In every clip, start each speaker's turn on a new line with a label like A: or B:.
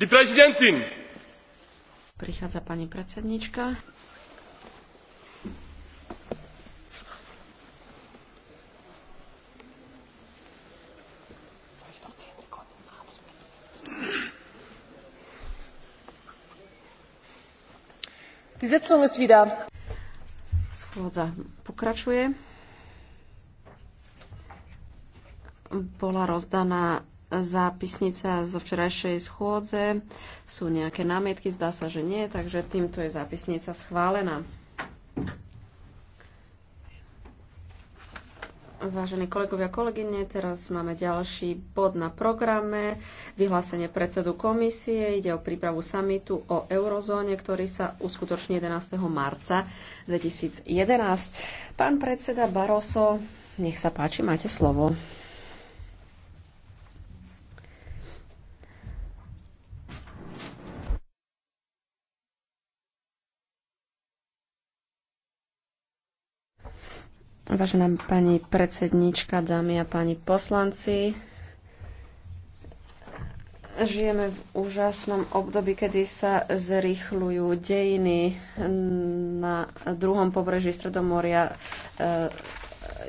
A: Die Präsidentin!
B: Prichádza pani predsednička.
A: Die Sitzung ist wieder.
B: Schôdza pokračuje. Bola rozdaná zápisnica zo včerajšej schôdze. Sú nejaké námietky? Zdá sa, že nie, takže týmto je zápisnica schválená. Vážení kolegovia, kolegyne, teraz máme ďalší bod na programe. Vyhlásenie predsedu komisie. Ide o prípravu samitu o eurozóne, ktorý sa uskutoční 11. marca 2011. Pán predseda Baroso, nech sa páči, máte slovo. Vážená pani predsednička, dámy a páni poslanci, žijeme v úžasnom období, kedy sa zrýchľujú dejiny na druhom pobreží Stredomoria. Eh,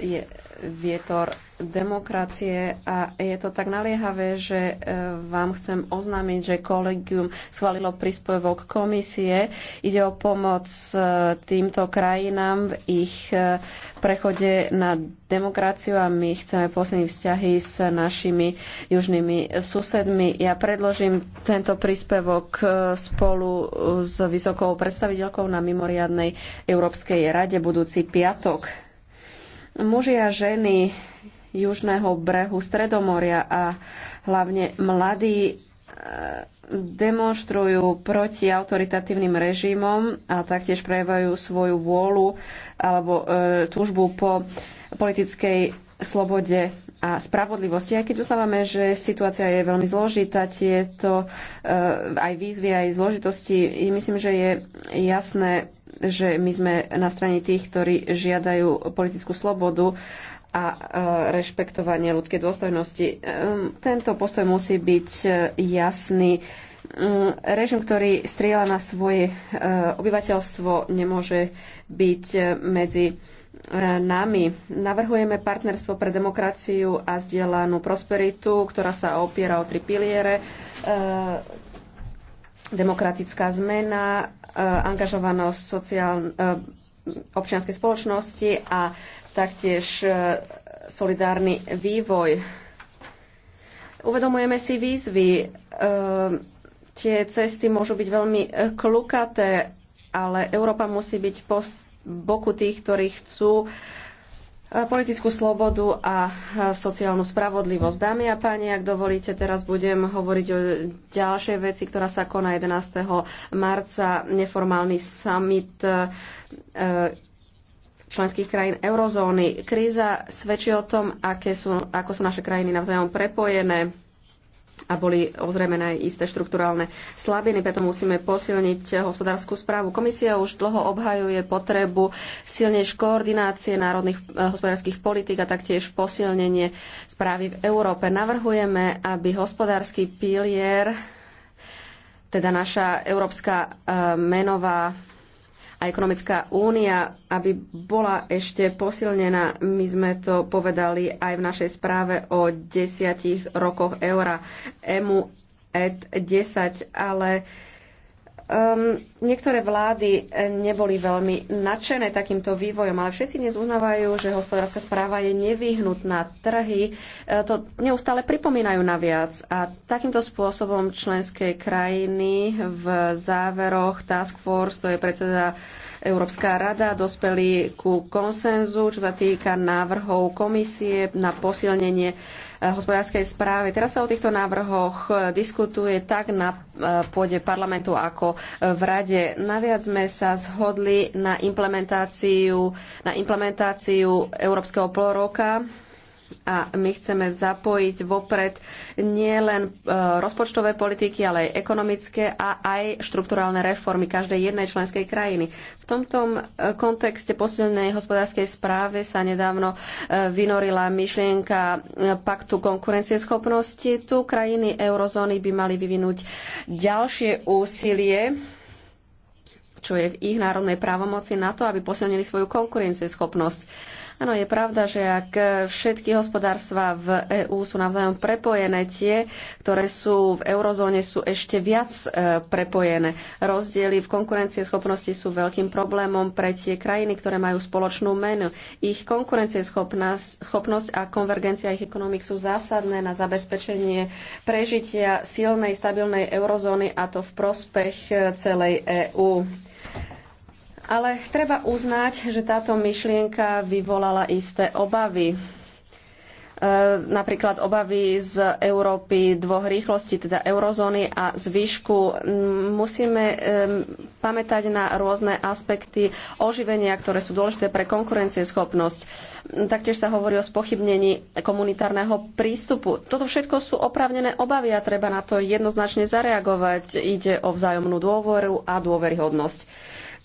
B: je vietor demokracie a je to tak naliehavé, že e, vám chcem oznámiť, že kolegium schválilo príspevok komisie. Ide o pomoc e, týmto krajinám v ich e, prechode na demokraciu a my chceme posilniť vzťahy s našimi južnými susedmi. Ja predložím tento príspevok spolu s vysokou predstaviteľkou na mimoriadnej Európskej rade budúci piatok. Muži a ženy južného brehu Stredomoria a hlavne mladí e, demonstrujú proti autoritatívnym režimom a taktiež prejavujú svoju vôľu alebo e, túžbu po politickej slobode a spravodlivosti. Aj keď uznávame, že situácia je veľmi zložitá, tieto eh, aj výzvy, aj zložitosti, myslím, že je jasné, že my sme na strane tých, ktorí žiadajú politickú slobodu a eh, rešpektovanie ľudskej dôstojnosti. Ehm, tento postoj musí byť eh, jasný. Mm, režim, ktorý strieľa na svoje obyvateľstvo, nemôže byť medzi nami. Navrhujeme partnerstvo pre demokraciu a zdieľanú prosperitu, ktorá sa opiera o tri piliere. E, demokratická zmena, e, angažovanosť sociál, e, občianskej spoločnosti a taktiež solidárny vývoj. Uvedomujeme si výzvy. Tie cesty môžu byť veľmi klukaté, ale Európa musí byť post boku tých, ktorí chcú e, politickú slobodu a e, sociálnu spravodlivosť. Dámy a páni, ak dovolíte, teraz budem hovoriť o ďalšej veci, ktorá sa koná 11. marca, neformálny summit e, členských krajín eurozóny. Kríza svedčí o tom, aké sú, ako sú naše krajiny navzájom prepojené a boli ozrejmené isté štruktúralne slabiny, preto musíme posilniť hospodárskú správu. Komisia už dlho obhajuje potrebu silnejšej koordinácie národných eh, hospodárskych politik a taktiež posilnenie správy v Európe. Navrhujeme, aby hospodársky pilier, teda naša európska eh, menová a ekonomická únia, aby bola ešte posilnená. My sme to povedali aj v našej správe o desiatich rokoch eura. EMU et 10, ale um, niektoré vlády neboli veľmi nadšené takýmto vývojom, ale všetci dnes uznávajú, že hospodárska správa je nevyhnutná. Trhy uh, to neustále pripomínajú naviac a takýmto spôsobom členské krajiny v záveroch Task Force, to je predseda Európska rada dospeli ku konsenzu, čo sa týka návrhov komisie na posilnenie eh, hospodárskej správy. Teraz sa o týchto návrhoch eh, diskutuje tak na eh, pôde parlamentu ako v rade. Naviac sme sa zhodli na implementáciu, na implementáciu Európskeho polroka a my chceme zapojiť vopred nielen e, rozpočtové politiky, ale aj ekonomické a aj štrukturálne reformy každej jednej členskej krajiny. V tomto e, kontexte posilnej hospodárskej správy sa nedávno e, vynorila myšlienka paktu konkurencieschopnosti. Tu krajiny eurozóny by mali vyvinúť ďalšie úsilie čo je v ich národnej právomoci na to, aby posilnili svoju konkurencieschopnosť Áno, je pravda, že ak všetky hospodárstva v EÚ sú navzájom prepojené, tie, ktoré sú v eurozóne, sú ešte viac e, prepojené. Rozdiely v konkurencieschopnosti sú veľkým problémom pre tie krajiny, ktoré majú spoločnú menu. Ich konkurencieschopnosť a konvergencia ich ekonomik sú zásadné na zabezpečenie prežitia silnej, stabilnej eurozóny a to v prospech e, celej EÚ. Ale treba uznať, že táto myšlienka vyvolala isté obavy e, napríklad obavy z Európy dvoch rýchlostí, teda eurozóny a zvyšku. Musíme e, pamätať na rôzne aspekty oživenia, ktoré sú dôležité pre konkurencieschopnosť. Taktiež sa hovorí o spochybnení komunitárneho prístupu. Toto všetko sú opravnené obavy a treba na to jednoznačne zareagovať. Ide o vzájomnú dôveru a dôveryhodnosť.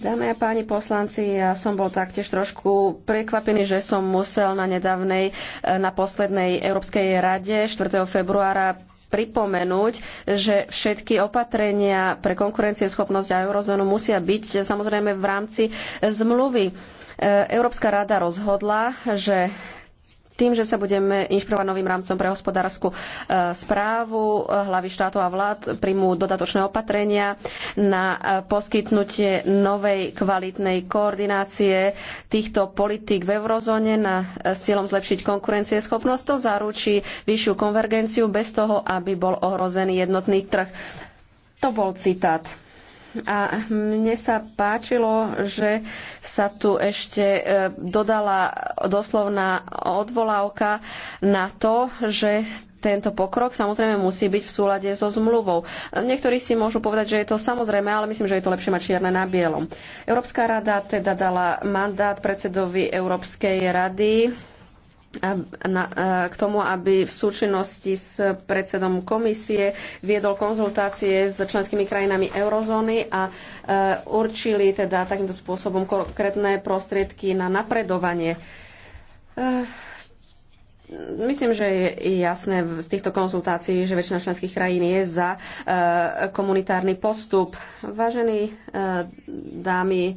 B: Dámy a páni poslanci, ja som bol taktiež trošku prekvapený, že som musel na nedávnej, e, na poslednej Európskej rade 4. februára pripomenúť, že všetky opatrenia pre konkurencieschopnosť a eurozónu musia byť e, samozrejme v rámci e, zmluvy. Európska rada rozhodla, že tým, že sa budeme inšpirovať novým rámcom pre hospodárskú e, správu, hlavy štátov a vlád príjmú dodatočné opatrenia na e, poskytnutie novej kvalitnej koordinácie týchto politík v eurozóne na, e, s cieľom zlepšiť konkurencieschopnosť. To zaručí vyššiu konvergenciu bez toho, aby bol ohrozený jednotný trh. To bol citát. A mne sa páčilo, že sa tu ešte e, dodala doslovná odvolávka na to, že tento pokrok samozrejme musí byť v súlade so zmluvou. Niektorí si môžu povedať, že je to samozrejme, ale myslím, že je to lepšie mať čierne na bielom. Európska rada teda dala mandát predsedovi Európskej rady k tomu, aby v súčinnosti s predsedom komisie viedol konzultácie s členskými krajinami eurozóny a e, určili teda takýmto spôsobom konkrétne prostriedky na napredovanie. E, myslím, že je jasné z týchto konzultácií, že väčšina členských krajín je za e, komunitárny postup. Vážení dámy,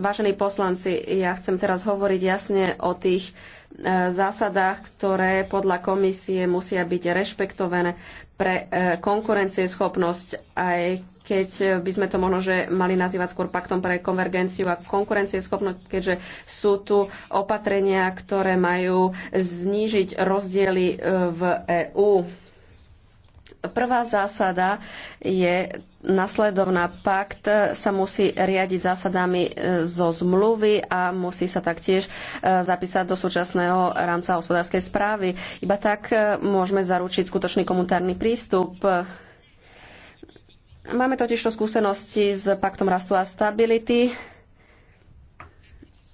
B: vážení poslanci, ja chcem teraz hovoriť jasne o tých E, zásadách, ktoré podľa komisie musia byť rešpektované pre e, konkurencieschopnosť, aj keď by sme to možno že mali nazývať skôr paktom pre konvergenciu a konkurencieschopnosť, keďže sú tu opatrenia, ktoré majú znížiť rozdiely e, v EÚ. Prvá zásada je nasledovná. Pakt sa musí riadiť zásadami e, zo zmluvy a musí sa taktiež e, zapísať do súčasného rámca hospodárskej správy. Iba tak e, môžeme zaručiť skutočný komunitárny prístup Máme totiž to skúsenosti s paktom rastu a stability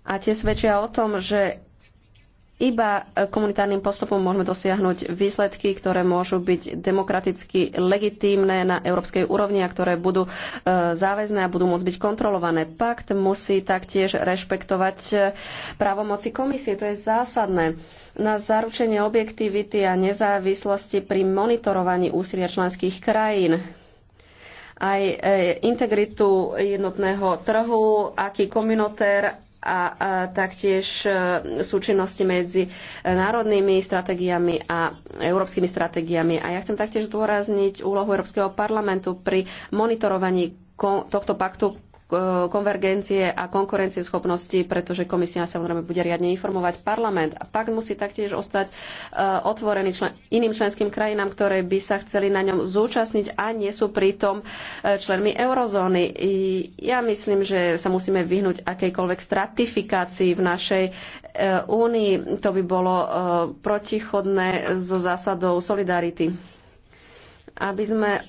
B: a tie svedčia o tom, že iba e, komunitárnym postupom môžeme dosiahnuť výsledky, ktoré môžu byť demokraticky legitímne na európskej úrovni a ktoré budú e, záväzné a budú môcť byť kontrolované. Pakt musí taktiež rešpektovať e, právomoci komisie. To je zásadné na zaručenie objektivity a nezávislosti pri monitorovaní úsilia členských krajín aj integritu jednotného trhu, aký komunitér a, taktiež e, súčinnosti medzi e, národnými stratégiami a európskymi stratégiami. A ja chcem taktiež zdôrazniť úlohu Európskeho parlamentu pri monitorovaní tohto paktu E, konvergencie a konkurencieschopnosti, pretože komisia samozrejme bude riadne informovať parlament. A pak musí taktiež ostať e, otvorený člen, iným členským krajinám, ktoré by sa chceli na ňom zúčastniť a nie sú pritom e, členmi eurozóny. I ja myslím, že sa musíme vyhnúť akejkoľvek stratifikácii v našej únii. To by bolo protichodné so zásadou solidarity aby sme e,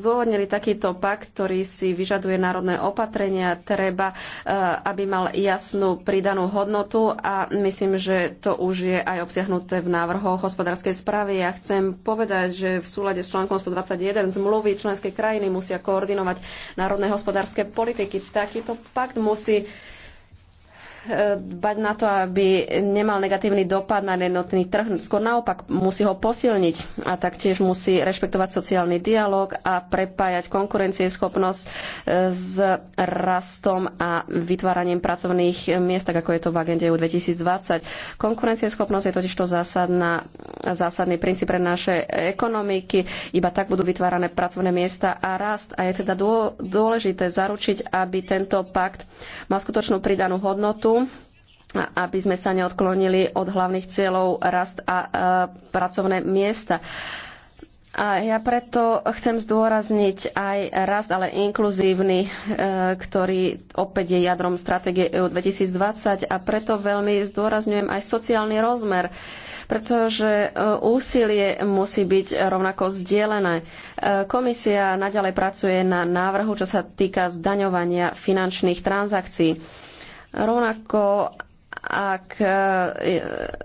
B: zdôvodnili takýto pakt, ktorý si vyžaduje národné opatrenia, treba, e, aby mal jasnú pridanú hodnotu a myslím, že to už je aj obsiahnuté v návrhoch hospodárskej správy. Ja chcem povedať, že v súlade s článkom 121 zmluvy členské krajiny musia koordinovať národné hospodárske politiky. Takýto pakt musí dbať na to, aby nemal negatívny dopad na jednotný trh. Skôr naopak musí ho posilniť a taktiež musí rešpektovať sociálny dialog a prepájať konkurencieschopnosť e, s rastom a vytváraním pracovných miest, tak ako je to v agende EU 2020. Konkurencieschopnosť je totiž to zásadná, zásadný princíp pre naše ekonomiky. Iba tak budú vytvárané pracovné miesta a rast. A je teda dôležité zaručiť, aby tento pakt mal skutočnú pridanú hodnotu aby sme sa neodklonili od hlavných cieľov rast a e, pracovné miesta. A ja preto chcem zdôrazniť aj rast, ale inkluzívny, e, ktorý opäť je jadrom stratégie EU 2020 a preto veľmi zdôrazňujem aj sociálny rozmer, pretože e, úsilie musí byť rovnako zdieľané. Komisia naďalej pracuje na návrhu, čo sa týka zdaňovania finančných transakcií. Rovnako ak e,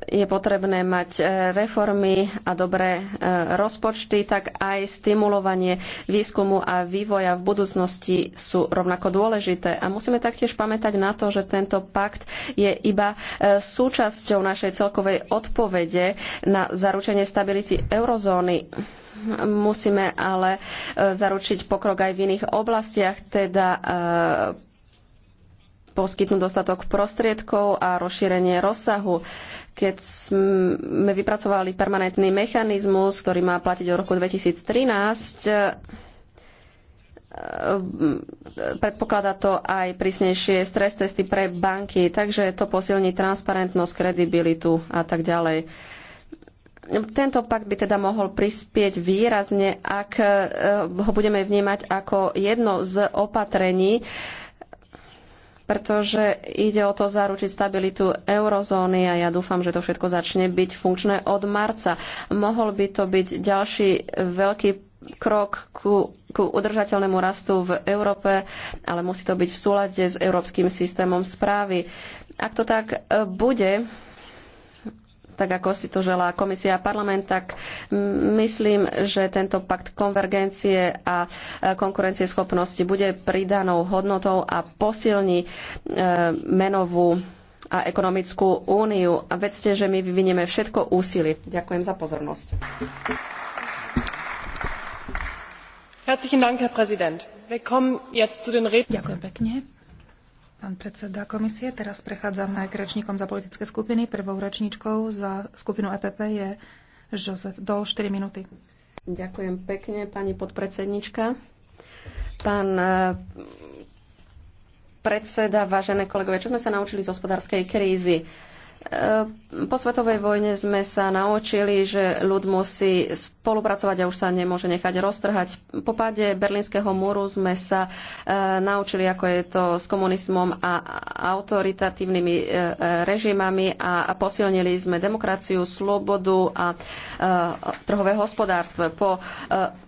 B: je potrebné mať e, reformy a dobré e, rozpočty, tak aj stimulovanie výskumu a vývoja v budúcnosti sú rovnako dôležité. A musíme taktiež pamätať na to, že tento pakt je iba súčasťou našej celkovej odpovede na zaručenie stability eurozóny musíme ale zaručiť pokrok aj v iných oblastiach, teda poskytnúť dostatok prostriedkov a rozšírenie rozsahu. Keď sme vypracovali permanentný mechanizmus, ktorý má platiť od roku 2013, e, predpokladá to aj prísnejšie stres testy pre banky, takže to posilní transparentnosť, kredibilitu a tak ďalej. Tento pakt by teda mohol prispieť výrazne, ak e, ho budeme vnímať ako jedno z opatrení, pretože ide o to zaručiť stabilitu eurozóny a ja dúfam, že to všetko začne byť funkčné od marca. Mohol by to byť ďalší veľký krok ku, ku udržateľnému rastu v Európe, ale musí to byť v súlade s európskym systémom správy. Ak to tak e, bude, tak ako si to želá komisia a parlament, tak myslím, že tento pakt konvergencie a e, konkurencieschopnosti bude pridanou hodnotou a posilní e, menovú a ekonomickú úniu. A vedzte, že my vyvinieme všetko úsilie. Ďakujem za pozornosť.
C: Ďakujem pekne pán predseda komisie. Teraz prechádzame k rečníkom za politické skupiny. Prvou rečníčkou za skupinu EPP je
B: Jozef Dol, 4 minúty. Ďakujem pekne, pani podpredsednička. Pán e, predseda, vážené kolegovia, čo sme sa naučili z hospodárskej krízy? E, po svetovej vojne sme sa naučili, že ľud musí spolupracovať a už sa nemôže nechať roztrhať. Po páde Berlínskeho múru sme sa e, naučili, ako je to s komunizmom a autoritatívnymi e, režimami a posilnili sme demokraciu, slobodu a trhové hospodárstvo. Po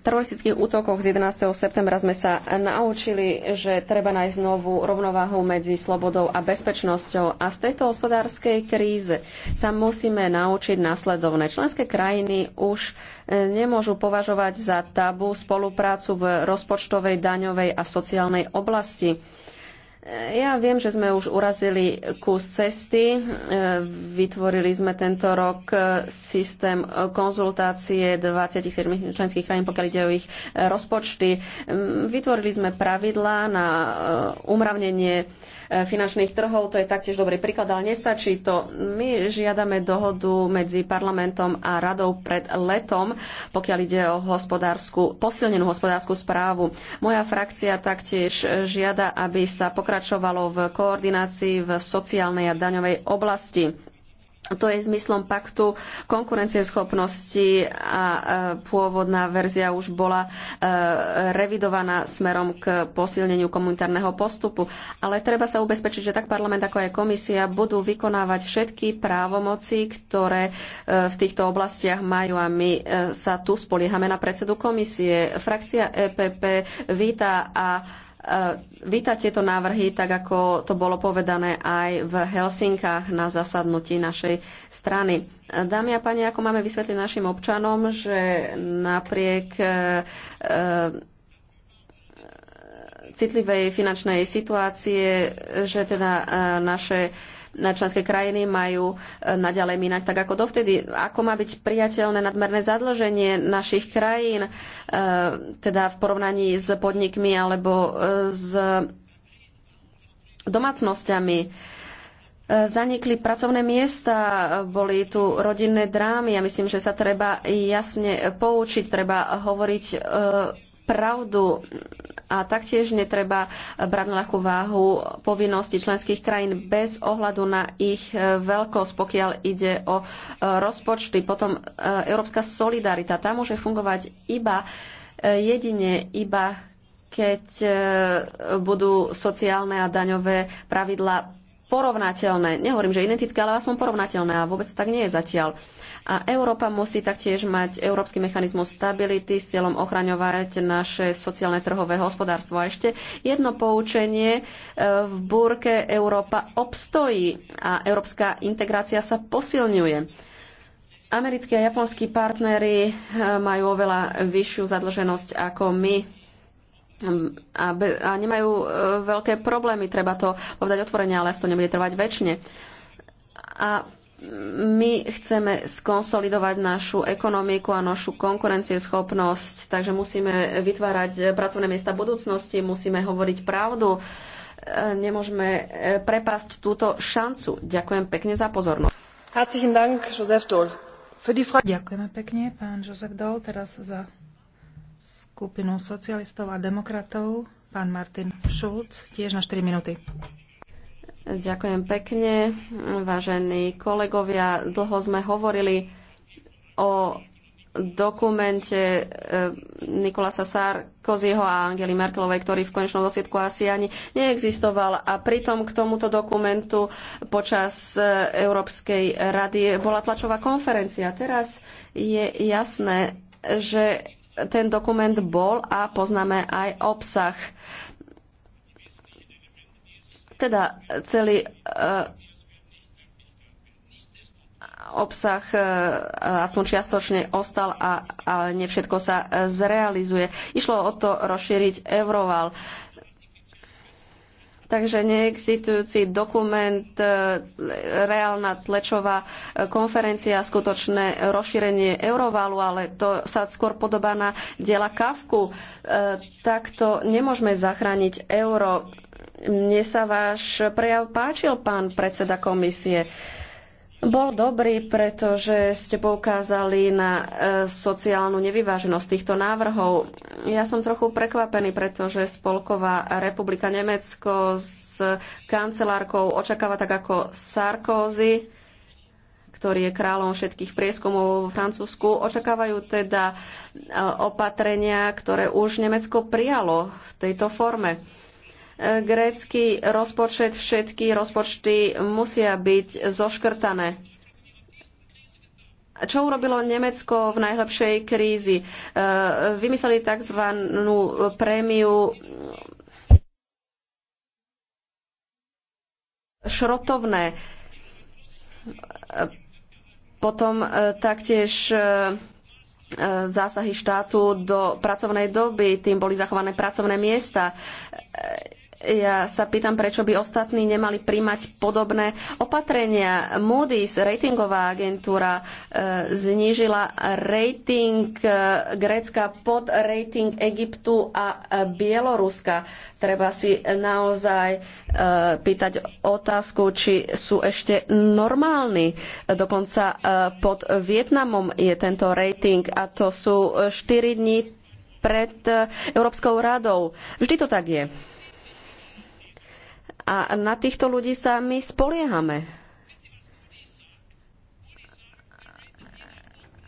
B: teroristických útokoch z 11. septembra sme sa naučili, že treba nájsť novú rovnováhu medzi slobodou a bezpečnosťou. A z tejto hospodárskej krízy kríze, sa musíme naučiť nasledovné. Členské krajiny už e, nemôžu považovať za tabu spoluprácu v rozpočtovej, daňovej a sociálnej oblasti. E, ja viem, že sme už urazili kus cesty. E, vytvorili sme tento rok systém konzultácie 27 členských krajín, pokiaľ ide o ich rozpočty. Vytvorili sme pravidlá na umravnenie E, finančných trhov. To je taktiež dobrý príklad, ale nestačí to. My žiadame dohodu medzi parlamentom a radou pred letom, pokiaľ ide o hospodárskú, posilnenú hospodárskú správu. Moja frakcia taktiež žiada, aby sa pokračovalo v koordinácii v sociálnej a daňovej oblasti to je zmyslom paktu konkurencieschopnosti a e, pôvodná verzia už bola e, revidovaná smerom k posilneniu komunitárneho postupu. Ale treba sa ubezpečiť, že tak parlament ako aj komisia budú vykonávať všetky právomoci, ktoré e, v týchto oblastiach majú a my sa tu spoliehame na predsedu komisie. Frakcia EPP víta a E, vítať tieto návrhy, tak ako to bolo povedané aj v Helsinkách na zasadnutí našej strany. E, dámy a páni, ako máme vysvetliť našim občanom, že napriek e, citlivej finančnej situácie, že teda naše na členské krajiny majú e, naďalej minať tak ako dovtedy. Ako má byť priateľné nadmerné zadlženie našich krajín, e, teda v porovnaní s podnikmi alebo e, s domácnosťami. Zanikli pracovné miesta, boli tu rodinné drámy. Ja myslím, že sa treba jasne poučiť, treba hovoriť pravdu a taktiež netreba brať na ľahkú váhu povinnosti členských krajín bez ohľadu na ich e, veľkosť, pokiaľ ide o e, rozpočty. Potom e, európska solidarita, tá môže fungovať iba jedine, iba keď budú sociálne a daňové pravidlá porovnateľné. Nehovorím, že identické, ale aspoň porovnateľné a vôbec to tak nie je zatiaľ. A Európa musí taktiež mať európsky mechanizmus stability s cieľom ochraňovať naše sociálne trhové hospodárstvo. A ešte jedno poučenie. E, v búrke Európa obstojí a európska integrácia sa posilňuje. Americkí a japonskí partnery e, majú oveľa vyššiu zadlženosť ako my hm, a, be, a nemajú e, veľké problémy, treba to povedať otvorene, ale to nebude trvať väčšine. A my chceme skonsolidovať našu ekonomiku a našu konkurencieschopnosť, takže musíme vytvárať pracovné miesta budúcnosti, musíme hovoriť pravdu, e, nemôžeme e, prepasť túto šancu. Ďakujem pekne za pozornosť.
C: Ďakujeme pekne, pán Josef Dol. Teraz za skupinu socialistov a demokratov, pán Martin Schulz, tiež na 4 minúty. Ďakujem pekne,
B: vážení kolegovia. Dlho sme hovorili o dokumente eh, Nikolasa Sarkozyho a Angely Merkelovej, ktorý v konečnom dosiedku asi ani neexistoval. A pritom k tomuto dokumentu počas eh, Európskej rady bola tlačová konferencia. Teraz je jasné, že ten dokument bol a poznáme aj obsah. Teda celý e, obsah e, aspoň čiastočne ostal a, a nevšetko sa e, zrealizuje. Išlo o to rozšíriť Euroval. Takže neexistujúci dokument, reálna tlečová konferencia, skutočné rozšírenie eurovalu, ale to sa skôr podobá na diela Kavku. Takto nemôžeme zachrániť euro. Mne sa váš prejav páčil, pán predseda komisie. Bol dobrý, pretože ste poukázali na e, sociálnu nevyváženosť týchto návrhov. Ja som trochu prekvapený, pretože Spolková republika Nemecko s kancelárkou očakáva tak ako Sarkozy, ktorý je kráľom všetkých prieskumov vo Francúzsku, očakávajú teda e, opatrenia, ktoré už Nemecko prijalo v tejto forme grécky rozpočet, všetky rozpočty musia byť zoškrtané. Čo urobilo Nemecko v najlepšej krízi? E, vymysleli tzv. prémiu šrotovné. Potom e, taktiež e, zásahy štátu do pracovnej doby, tým boli zachované pracovné miesta. Ja sa pýtam, prečo by ostatní nemali príjmať podobné opatrenia. Moody's, ratingová agentúra, e, znížila rating e, Grécka pod rating Egyptu a e, Bieloruska. Treba si naozaj e, pýtať otázku, či sú ešte normálni. Dokonca e, pod Vietnamom je tento rating a to sú 4 dní pred e, Európskou radou. Vždy to tak je. A na týchto ľudí sa my spoliehame.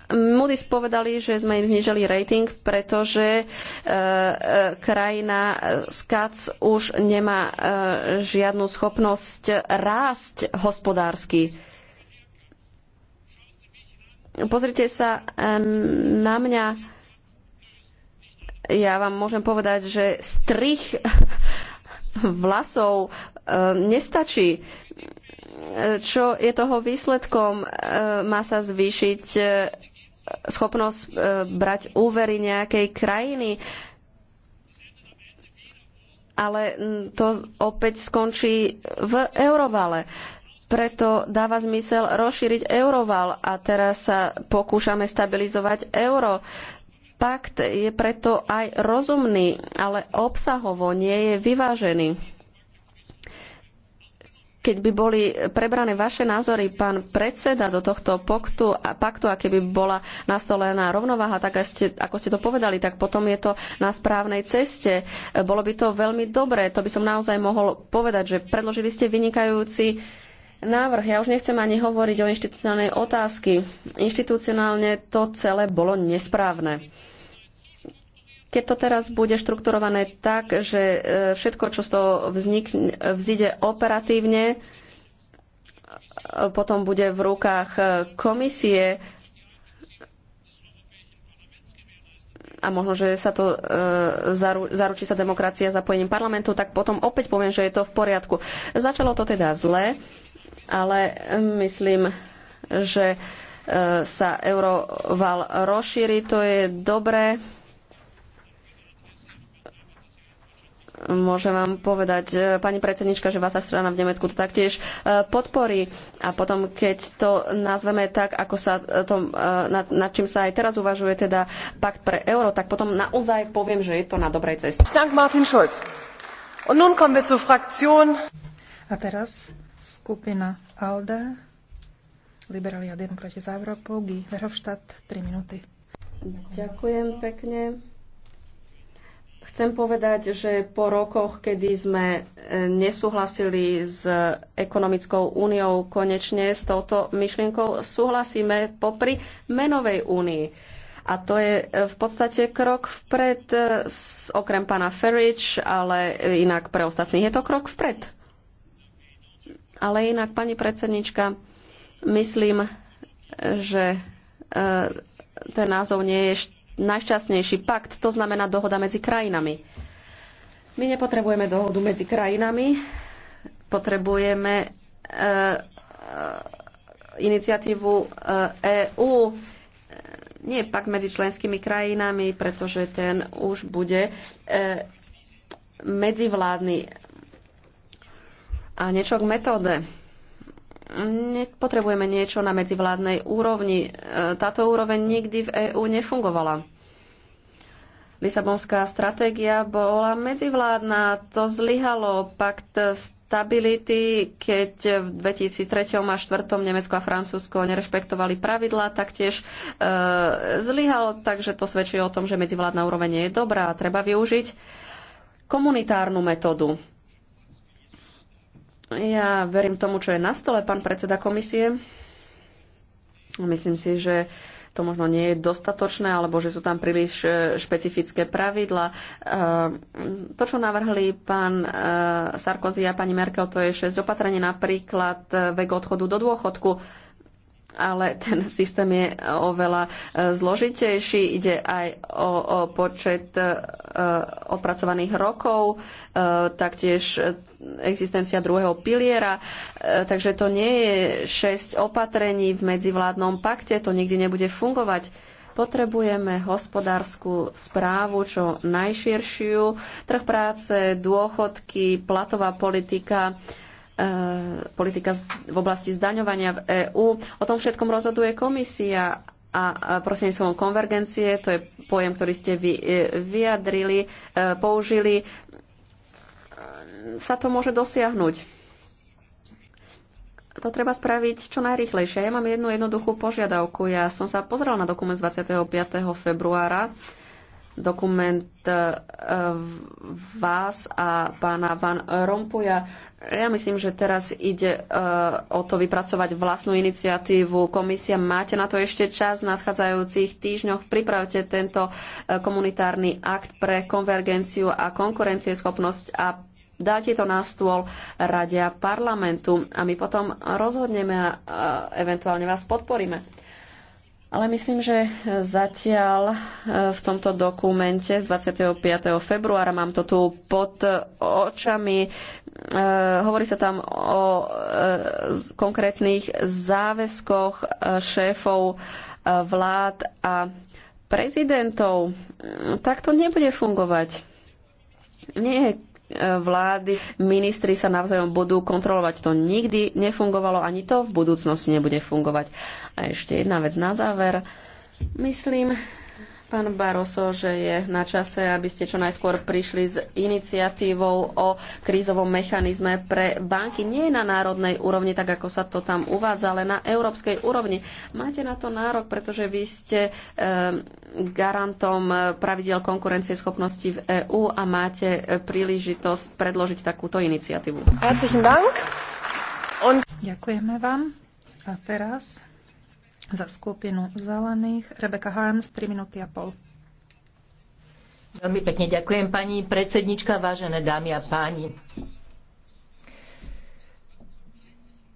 B: Moody's povedali, že sme im znižili rating, pretože e, e, krajina e, SCAC už nemá e, žiadnu schopnosť rásť hospodársky. Pozrite sa e, na mňa. Ja vám môžem povedať, že strich vlasov e, nestačí. E, čo je toho výsledkom? E, má sa zvýšiť schopnosť brať úvery nejakej krajiny, ale to opäť skončí v eurovale. Preto dáva zmysel rozšíriť euroval a teraz sa pokúšame stabilizovať euro. Pakt je preto aj rozumný, ale obsahovo nie je vyvážený. Keď by boli prebrané vaše názory, pán predseda, do tohto paktu a, paktu, a keby bola nastolená rovnováha, tak ste, ako ste to povedali, tak potom je to na správnej ceste. Bolo by to veľmi dobré, to by som naozaj mohol povedať, že predložili ste vynikajúci návrh. Ja už nechcem ani hovoriť o inštitucionálnej otázky. Inštitucionálne to celé bolo nesprávne. Keď to teraz bude štrukturované tak, že e, všetko, čo z toho vznikne, vzíde operatívne, e, potom bude v rukách e, komisie a možno, že sa to e, zaručí sa demokracia zapojením parlamentu, tak potom opäť poviem, že je to v poriadku. Začalo to teda zle, ale myslím, že sa euroval rozšíri, to je dobré Môžem vám povedať, e, pani predsednička, že vaša strana v Nemecku to taktiež e, podporí. A potom, keď to nazveme tak, ako sa e, to, nad, nad čím sa aj teraz uvažuje, teda pakt pre euro, tak potom naozaj poviem, že je to na dobrej ceste. Dank Martin Schulz.
C: Und nun kommen wir zur
B: Fraktion.
C: A teraz skupina ALDE, Liberalia Demokratie za Európu, Guy Verhofstadt, 3 minúty.
B: Ďakujem pekne. Chcem povedať, že po rokoch, kedy sme e, nesúhlasili s ekonomickou úniou, konečne s touto myšlienkou súhlasíme popri menovej únii. A to je e, v podstate krok vpred, e, okrem pána Ferrič, ale inak pre ostatných je to krok vpred. Ale inak, pani predsednička, myslím, že ten názov nie je najšťastnejší pakt, to znamená dohoda medzi krajinami. My nepotrebujeme dohodu medzi krajinami, potrebujeme e, e, iniciatívu EÚ, e nie pak medzi členskými krajinami, pretože ten už bude medzivládny. A niečo k metóde. Potrebujeme niečo na medzivládnej úrovni. E, táto úroveň nikdy v EÚ nefungovala. Lisabonská stratégia bola medzivládna, to zlyhalo. Pakt stability, keď v 2003 a 2004 Nemecko a Francúzsko nerešpektovali pravidlá, taktiež e, zlyhalo, takže to svedčí o tom, že medzivládna úroveň nie je dobrá a treba využiť komunitárnu metódu. Ja verím tomu, čo je na stole, pán predseda komisie. Myslím si, že to možno nie je dostatočné, alebo že sú tam príliš e, špecifické pravidla. E, to, čo navrhli pán e, Sarkozy a pani Merkel, to je šesť opatrení, napríklad vek odchodu do dôchodku ale ten systém je oveľa e, zložitejší. Ide aj o, o počet e, opracovaných rokov, e, taktiež existencia druhého piliera. Takže to nie je šesť opatrení v medzivládnom pakte, to nikdy nebude fungovať. Potrebujeme hospodárskú správu, čo najširšiu, trh práce, dôchodky, platová politika, E, politika v oblasti zdaňovania v EÚ. O tom všetkom rozhoduje komisia a prostredníctvom konvergencie, to je pojem, ktorý ste vy, e, vyjadrili, e, použili, sa to môže dosiahnuť to treba spraviť čo najrychlejšie. Ja mám jednu jednoduchú požiadavku. Ja som sa pozrel na dokument z 25. februára, dokument vás a pána Van Rompuja. Ja myslím, že teraz ide e, o to vypracovať vlastnú iniciatívu. Komisia, máte na to ešte čas v nadchádzajúcich týždňoch. Pripravte tento e, komunitárny akt pre konvergenciu a konkurencieschopnosť a dáte to na stôl radia parlamentu a my potom rozhodneme a e, eventuálne vás podporíme. Ale myslím, že zatiaľ v tomto dokumente z 25. februára, mám to tu pod očami, Eh, hovorí sa tam o eh, konkrétnych záväzkoch eh, šéfov vlád a prezidentov. Mm, tak to nebude fungovať. Nie vlády, ministri sa navzájom budú kontrolovať. To nikdy nefungovalo, ani to v budúcnosti nebude fungovať. A ešte jedna vec na záver. Myslím, pán Baroso, že je na čase, aby ste čo najskôr prišli s iniciatívou o krízovom mechanizme pre banky. Nie na národnej úrovni, tak ako sa to tam uvádza, ale na európskej úrovni. Máte na to nárok, pretože vy ste ehm, e, garantom pravidel konkurencieschopnosti v EÚ a máte e, príležitosť predložiť takúto iniciatívu.
C: Ďakujeme vám. A teraz za skupinu zelených. Rebeka Harms, 3 minúty a pol.
D: Veľmi pekne ďakujem, pani
C: predsednička,
D: vážené dámy a páni.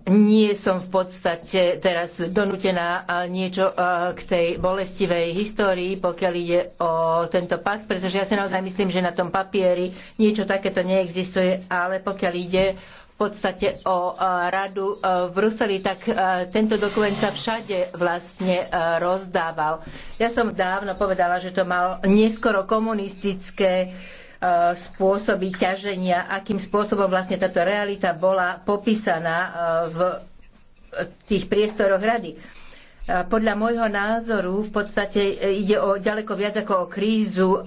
D: Nie som v podstate teraz donútená niečo k tej bolestivej histórii, pokiaľ ide o tento pakt, pretože ja si naozaj myslím, že na tom papieri niečo takéto neexistuje, ale pokiaľ ide podstate o e, radu e, v Bruseli, tak e, tento dokument sa všade vlastne rozdával. Ja som dávno povedala, že to mal neskoro komunistické spôsoby ťaženia, akým spôsobom vlastne táto realita bola popísaná v tých priestoroch rady. Podľa môjho názoru v podstate e, ide o ďaleko viac ako o krízu e,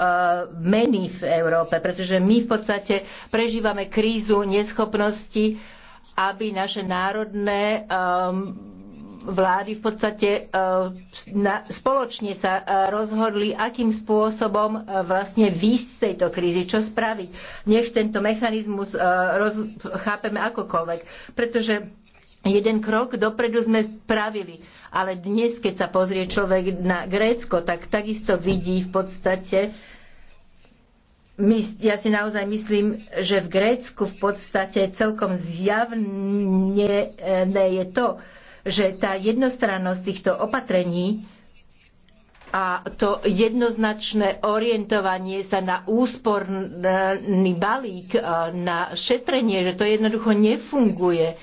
D: meny v Európe, pretože my v podstate prežívame krízu neschopnosti, aby naše národné ehm, vlády v podstate e, spoločne sa rozhodli, akým spôsobom vlastne výjsť z tejto krízy, čo spraviť. Nech tento mechanizmus chápeme akokoľvek, pretože jeden krok dopredu sme spravili ale dnes, keď sa pozrie človek na Grécko, tak takisto vidí v podstate, my, ja si naozaj myslím, že v Grécku v podstate celkom zjavne eh, je to, že tá jednostrannosť týchto opatrení a to jednoznačné orientovanie sa na úsporný balík, eh, na šetrenie, že to jednoducho nefunguje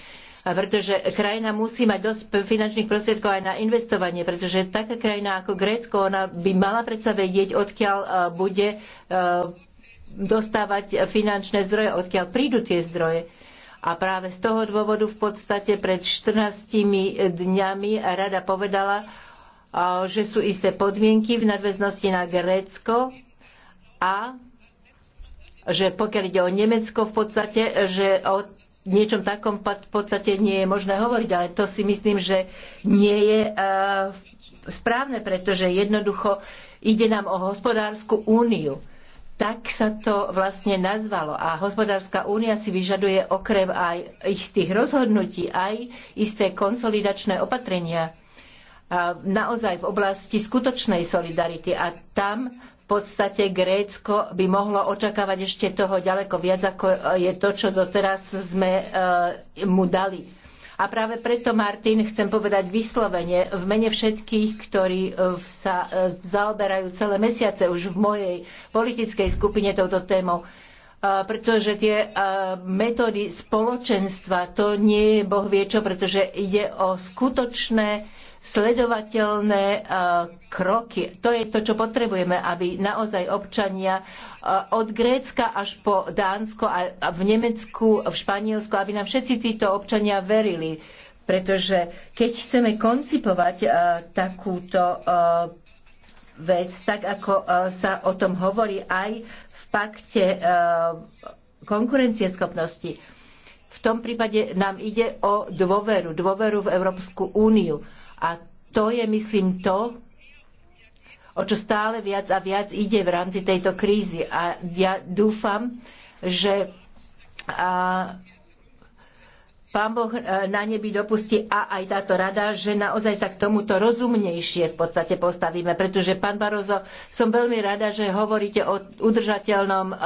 D: pretože krajina musí mať dosť finančných prostriedkov aj na investovanie, pretože taká krajina ako Grécko, ona by mala predsa vedieť, odkiaľ e, bude e, dostávať finančné zdroje, odkiaľ prídu tie zdroje. A práve z toho dôvodu v podstate pred 14 dňami rada povedala, e, že sú isté podmienky v nadväznosti na Grécko a že pokiaľ ide o Nemecko v podstate, že od niečom takom v podstate nie je možné hovoriť, ale to si myslím, že nie je eh, správne, pretože jednoducho ide nám o hospodárskú úniu. Tak sa to vlastne nazvalo. A hospodárska únia si vyžaduje okrem aj istých rozhodnutí, aj isté konsolidačné opatrenia eh, naozaj v oblasti skutočnej solidarity. A tam podstate Grécko by mohlo očakávať ešte toho ďaleko viac, ako je to, čo doteraz sme e, mu dali. A práve preto, Martin, chcem povedať vyslovene v mene všetkých, ktorí e, sa e, zaoberajú celé mesiace už v mojej politickej skupine touto témou, pretože tie metódy spoločenstva, to nie je boh vie čo, pretože ide o skutočné sledovateľné e, kroky. To je to, čo potrebujeme, aby naozaj občania e, od Grécka až po Dánsko a v Nemecku, v Španielsku, aby nám všetci títo občania verili. Pretože keď chceme koncipovať e, takúto vec, tak ako sa o tom hovorí aj v pakte konkurencieschopnosti. V tom prípade nám ide o dôveru, dôveru v Európsku úniu. A to je, myslím, to, o čo stále viac a viac ide v rámci tejto krízy. A ja dúfam, že a Pán Boh e, na nebi dopustí a aj táto rada, že naozaj sa k tomuto rozumnejšie v podstate postavíme. Pretože, pán Barozo, som veľmi rada, že hovoríte o udržateľnom e,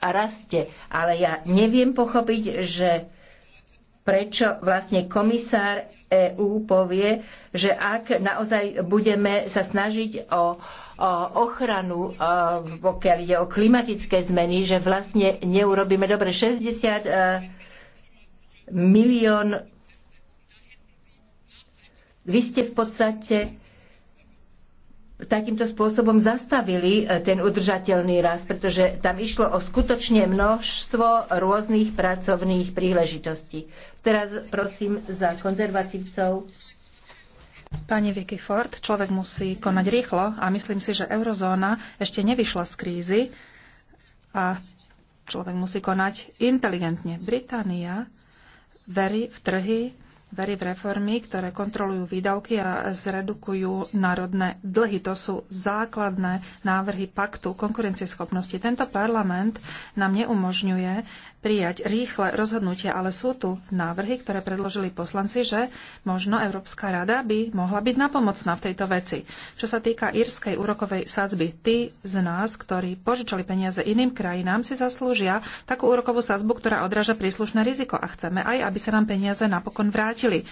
D: raste. Ale ja neviem pochopiť, že prečo vlastne komisár EÚ povie, že ak naozaj budeme sa snažiť o, o ochranu, e, pokiaľ ide o klimatické zmeny, že vlastne neurobíme dobre 60 e, milión. Vy ste v podstate takýmto spôsobom zastavili e, ten udržateľný rast, pretože tam išlo o skutočne množstvo rôznych pracovných príležitostí. Teraz prosím za
C: konzervatívcov. Pani Vicky Ford, človek musí konať rýchlo a myslím si, že eurozóna ešte nevyšla z krízy a človek musí konať inteligentne. Británia verí v trhy, verí v reformy, ktoré kontrolujú výdavky a zredukujú národné dlhy. To sú základné návrhy paktu konkurencieschopnosti. Tento parlament nám neumožňuje prijať rýchle rozhodnutia, ale sú tu návrhy, ktoré predložili poslanci, že možno Európska rada by mohla byť napomocná v tejto veci. Čo sa týka írskej úrokovej sadzby, tí z nás, ktorí požičali peniaze iným krajinám, si zaslúžia takú úrokovú sadzbu, ktorá odráža príslušné riziko a chceme aj, aby sa nám peniaze napokon vrátili.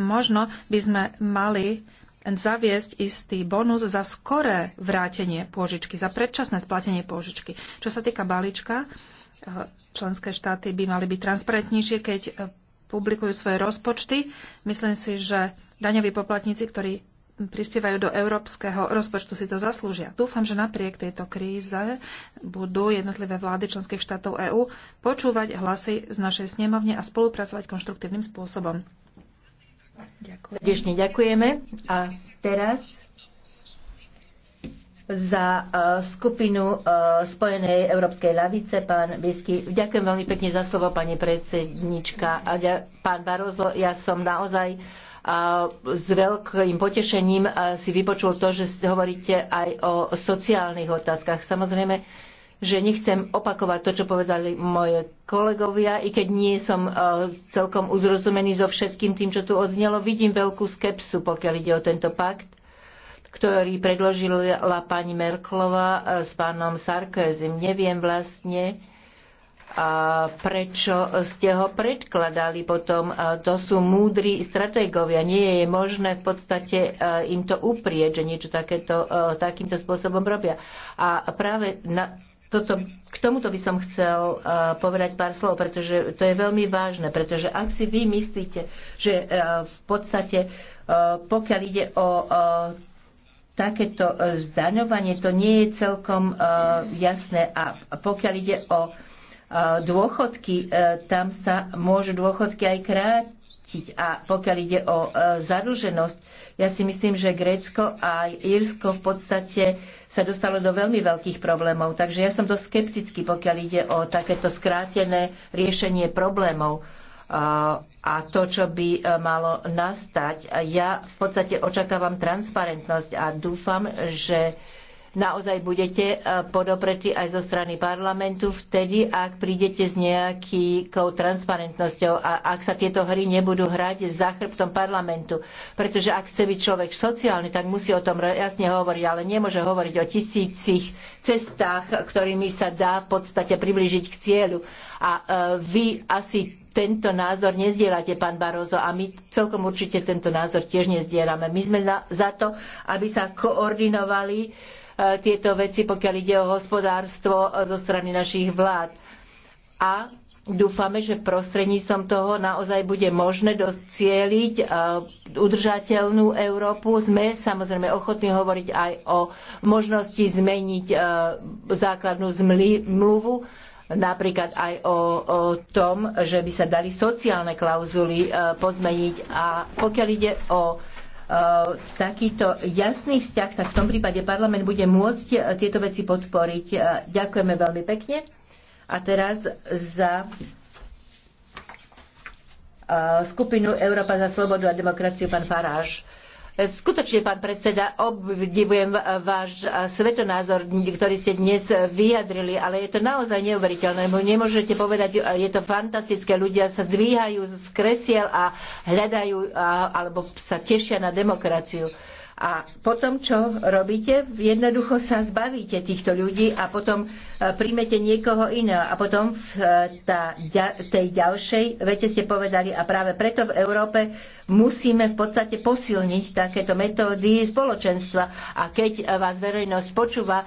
C: Možno by sme mali zaviesť istý bonus za skoré vrátenie pôžičky, za predčasné splatenie pôžičky. Čo sa týka balíčka, členské štáty by mali byť transparentnejšie, keď e, publikujú svoje rozpočty. Myslím si, že daňoví poplatníci, ktorí prispievajú do európskeho rozpočtu, si to zaslúžia. Dúfam, že napriek tejto kríze budú jednotlivé vlády členských štátov EÚ počúvať hlasy z našej snemovne a spolupracovať konštruktívnym spôsobom. Ďakujem. Srdečne ďakujeme. A teraz
D: za e, skupinu e, Spojenej európskej lavice, pán Bisky. Ďakujem veľmi pekne za slovo, pani predsednička. Pán Barozo, ja som naozaj a e, s veľkým potešením si vypočul to, že hovoríte aj o sociálnych otázkach. Samozrejme, že nechcem opakovať to, čo povedali moje kolegovia, i keď nie som celkom uzrozumený so všetkým tým, čo tu odznelo. Vidím veľkú skepsu, pokiaľ ide o tento pakt ktorý predložila pani Merklova e, s pánom Sarkozym. Neviem vlastne, a e, prečo ste ho predkladali potom. E, to sú múdri stratégovia. Nie je možné v podstate im to uprieť, že niečo takéto, takýmto spôsobom robia. A práve na, toto, k tomuto by som chcel povedať pár slov, pretože to je veľmi vážne, pretože ak si vy myslíte, že v podstate pokiaľ ide o takéto e, zdaňovanie, to nie je celkom e, jasné. A pokiaľ ide o e, dôchodky, tam sa môžu dôchodky aj krátiť. A pokiaľ ide o zadlženosť, ja si myslím, že Grécko a Írsko v podstate sa dostalo do veľmi veľkých problémov. Takže ja som dosť skeptický, pokiaľ ide o takéto skrátené riešenie problémov a to, čo by e, malo nastať. E, ja v podstate očakávam transparentnosť a dúfam, že naozaj budete e, podopretí aj zo strany parlamentu vtedy, ak prídete s nejakou transparentnosťou a ak sa tieto hry nebudú hrať za chrbtom parlamentu. Pretože ak chce byť človek sociálny, tak musí o tom jasne hovoriť, ale nemôže hovoriť o tisícich cestách, ktorými sa dá v podstate priblížiť k cieľu. A vy asi tento názor nezdielate, pán Barozo, a my celkom určite tento názor tiež nezdielame. My sme za to, aby sa koordinovali e, tieto veci, pokiaľ ide o hospodárstvo e, zo strany našich vlád. A dúfame, že prostredníctvom toho naozaj bude možné docieliť e, udržateľnú Európu. Sme samozrejme ochotní hovoriť aj o možnosti zmeniť základnú zmluvu napríklad aj o, o tom, že by sa dali sociálne klauzuly e, pozmeniť. A pokiaľ ide o e, takýto jasný vzťah, tak v tom prípade parlament bude môcť e, tieto veci podporiť. Ďakujeme veľmi pekne. A teraz za skupinu Európa za slobodu a demokraciu pán Faráš. Skutočne, pán predseda, obdivujem váš svetonázor, ktorý ste dnes vyjadrili, ale je to naozaj neuveriteľné. Nemôžete povedať, je to fantastické. Ľudia sa zdvíhajú z kresiel a hľadajú alebo sa tešia na demokraciu. A potom, čo robíte? Jednoducho sa zbavíte týchto ľudí a potom e, príjmete niekoho iného. A potom v e, tá, tej ďalšej vete ste povedali, a práve preto v Európe musíme v podstate posilniť takéto metódy spoločenstva. A keď vás verejnosť počúva e,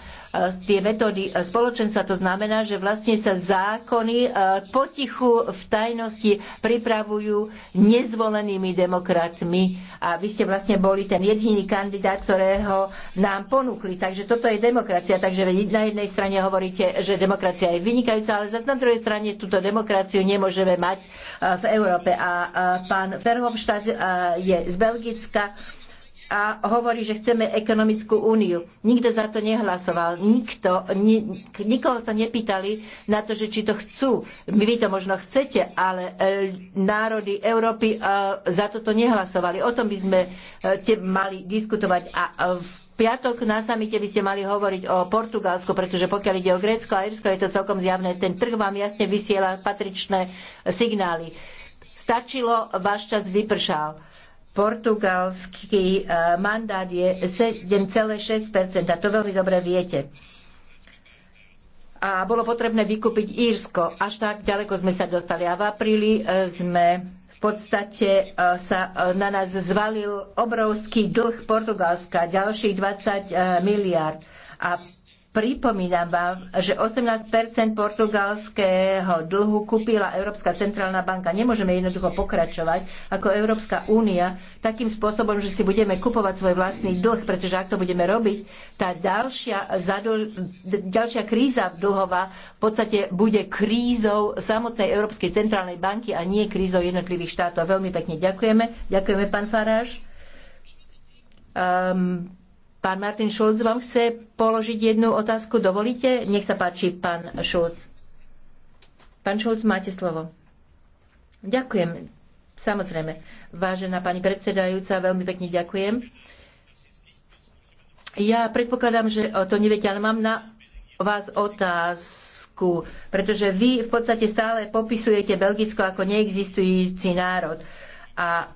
D: tie metódy spoločenstva, to znamená, že vlastne sa zákony e, potichu v tajnosti pripravujú nezvolenými demokratmi. A vy ste vlastne boli ten jediný kandidát, ktorého nám ponúkli. Takže toto je demokracia. Takže na jednej strane hovoríte, že demokracia je vynikajúca, ale zase na druhej strane túto demokraciu nemôžeme mať e, v Európe. A pán Verhofstadt Eh, je z Belgicka a hovorí, že chceme ekonomickú úniu. Nikto za to nehlasoval. Nikto, ni, nikoho sa nepýtali na to, že či to chcú. Vy to možno chcete, ale e, národy Európy e, za toto nehlasovali. O tom by sme e, te, mali diskutovať. A e, v piatok na samite by ste mali hovoriť o Portugalsku, pretože pokiaľ ide o Grécko a Irsko, je to celkom zjavné. Ten trh vám jasne vysiela patričné signály Stačilo, váš čas vypršal. Portugalský e, mandát je 7,6%, a to veľmi dobre viete. A bolo potrebné vykúpiť Írsko. Až tak ďaleko sme sa dostali. A v apríli e, sme v podstate e, sa na nás zvalil obrovský dlh Portugalska, ďalších 20 miliard. A Pripomínam vám, že 18 portugalského dlhu kúpila Európska centrálna banka. Nemôžeme jednoducho pokračovať ako Európska únia takým spôsobom, že si budeme kupovať svoj vlastný dlh, pretože ak to budeme robiť, tá ďalšia, zadol, ďalšia kríza dlhová v podstate bude krízou samotnej Európskej centrálnej banky a nie krízou jednotlivých štátov. Veľmi pekne ďakujeme. Ďakujeme, pán Faráš. Um, Pán Martin Schulz vám chce položiť jednu otázku. Dovolíte? Nech sa páči, pán Schulz. Pán Šulc, máte slovo. Ďakujem. Samozrejme. Vážená pani predsedajúca, veľmi pekne ďakujem. Ja predpokladám, že to neviete, ale mám na vás otázku, pretože vy v podstate stále popisujete Belgicko ako neexistujúci národ. Uh, a e,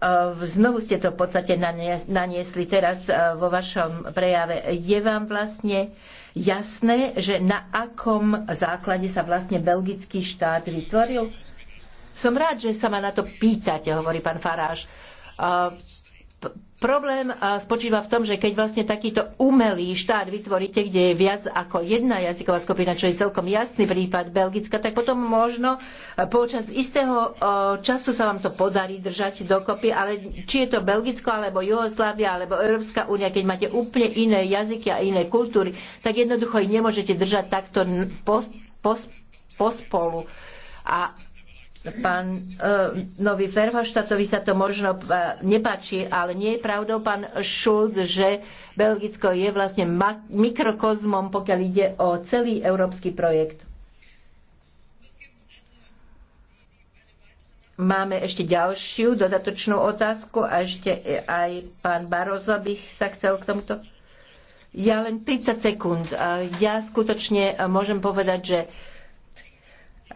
D: znovu ste to v podstate naniesli teraz e, vo vašom prejave. Je vám vlastne jasné, že na akom základe sa vlastne belgický štát vytvoril? Som rád, že sa ma na to pýtate, hovorí pán Faráš. E, Problém spočíva v tom, že keď vlastne takýto umelý štát vytvoríte, kde je viac ako jedna jazyková skupina, čo je celkom jasný prípad Belgicka, tak potom možno e, počas istého e, času sa vám to podarí držať dokopy, ale či je to Belgicko, alebo Jugoslávia, alebo Európska únia, keď máte úplne iné jazyky a iné kultúry, tak jednoducho ich nemôžete držať takto pospolu. Po, po a pán uh, nový Ferhoštatovi sa to možno uh, nepáči, ale nie je pravdou, pán Šult, že Belgicko je vlastne mikrokozmom, pokiaľ ide o celý európsky projekt. Máme ešte ďalšiu dodatočnú otázku a ešte aj pán Barozo by sa chcel k tomuto. Ja len 30 sekúnd. E, ja skutočne môžem povedať, že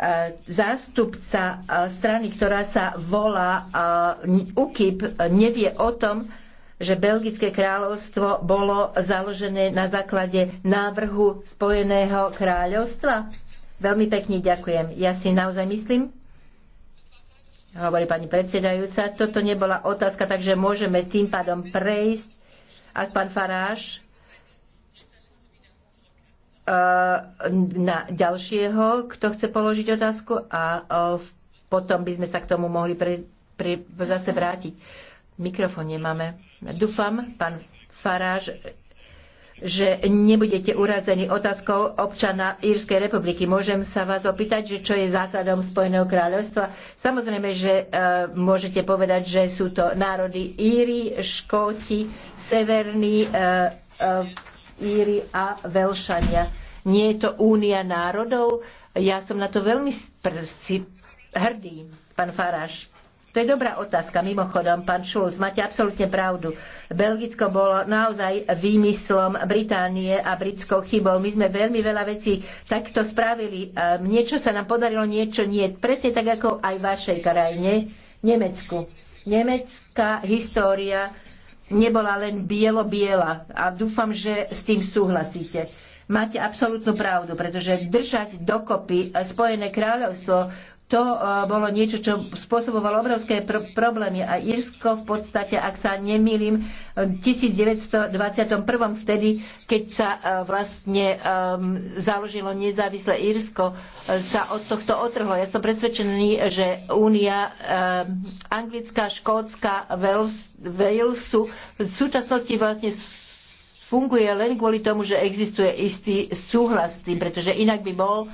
D: E, zástupca e, strany, ktorá sa volá e, UKIP, nevie o tom, že Belgické kráľovstvo bolo založené na základe návrhu Spojeného kráľovstva? Veľmi pekne ďakujem. Ja si naozaj myslím, hovorí pani predsedajúca, toto nebola otázka, takže môžeme tým pádom prejsť, ak pán Faráš Eh, na ďalšieho, kto chce položiť otázku a eh, potom by sme sa k tomu mohli pre, pre, zase vrátiť. Mikrofón nemáme. Dúfam, pán Faráž, že nebudete urazení otázkou občana Írskej republiky. Môžem sa vás opýtať, že čo je základom Spojeného kráľovstva? Samozrejme, že e, môžete povedať, že sú to národy Íry, Škóti, Severní e, e, Íry a Velšania. Nie je to únia národov. Ja som na to veľmi hrdý, pán Faráš. To je dobrá otázka, mimochodom, pán Šulc, máte absolútne pravdu. Belgicko bolo naozaj výmyslom Británie a britskou chybou. My sme veľmi veľa vecí takto spravili. Ehm, niečo sa nám podarilo, niečo nie. Presne tak, ako aj v vašej krajine, Nemecku. Nemecká história nebola len bielo-biela a dúfam, že s tým súhlasíte. Máte absolútnu pravdu, pretože držať dokopy Spojené kráľovstvo, to e, bolo niečo, čo spôsobovalo obrovské pr- problémy. A Irsko v podstate, ak sa nemýlim, e, v 1921. vtedy, keď sa e, vlastne um, založilo nezávislé Irsko, sa od tohto otrhlo. Ja som presvedčený, že únia um, anglická, škótska, Walesu v súčasnosti vlastne funguje len kvôli tomu, že existuje istý súhlas s tým, pretože inak by bol,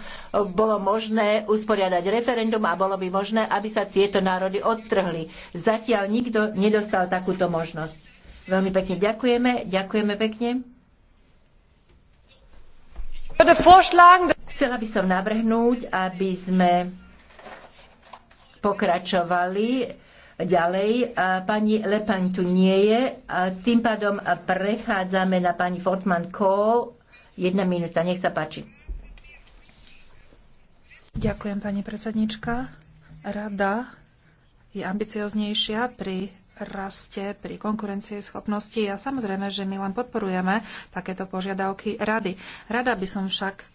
D: bolo možné usporiadať referendum a bolo by možné, aby sa tieto národy odtrhli. Zatiaľ nikto nedostal takúto možnosť. Veľmi pekne ďakujeme. Ďakujeme pekne. Chcela by som navrhnúť, aby sme pokračovali Ďalej, pani lepaň tu nie je, a tým pádom prechádzame na pani Fortman Kohl. Jedna minúta, nech sa páči.
C: Ďakujem, pani predsednička. Rada je ambicioznejšia pri raste, pri konkurencie schopnosti a samozrejme, že my len podporujeme takéto požiadavky rady. Rada by som však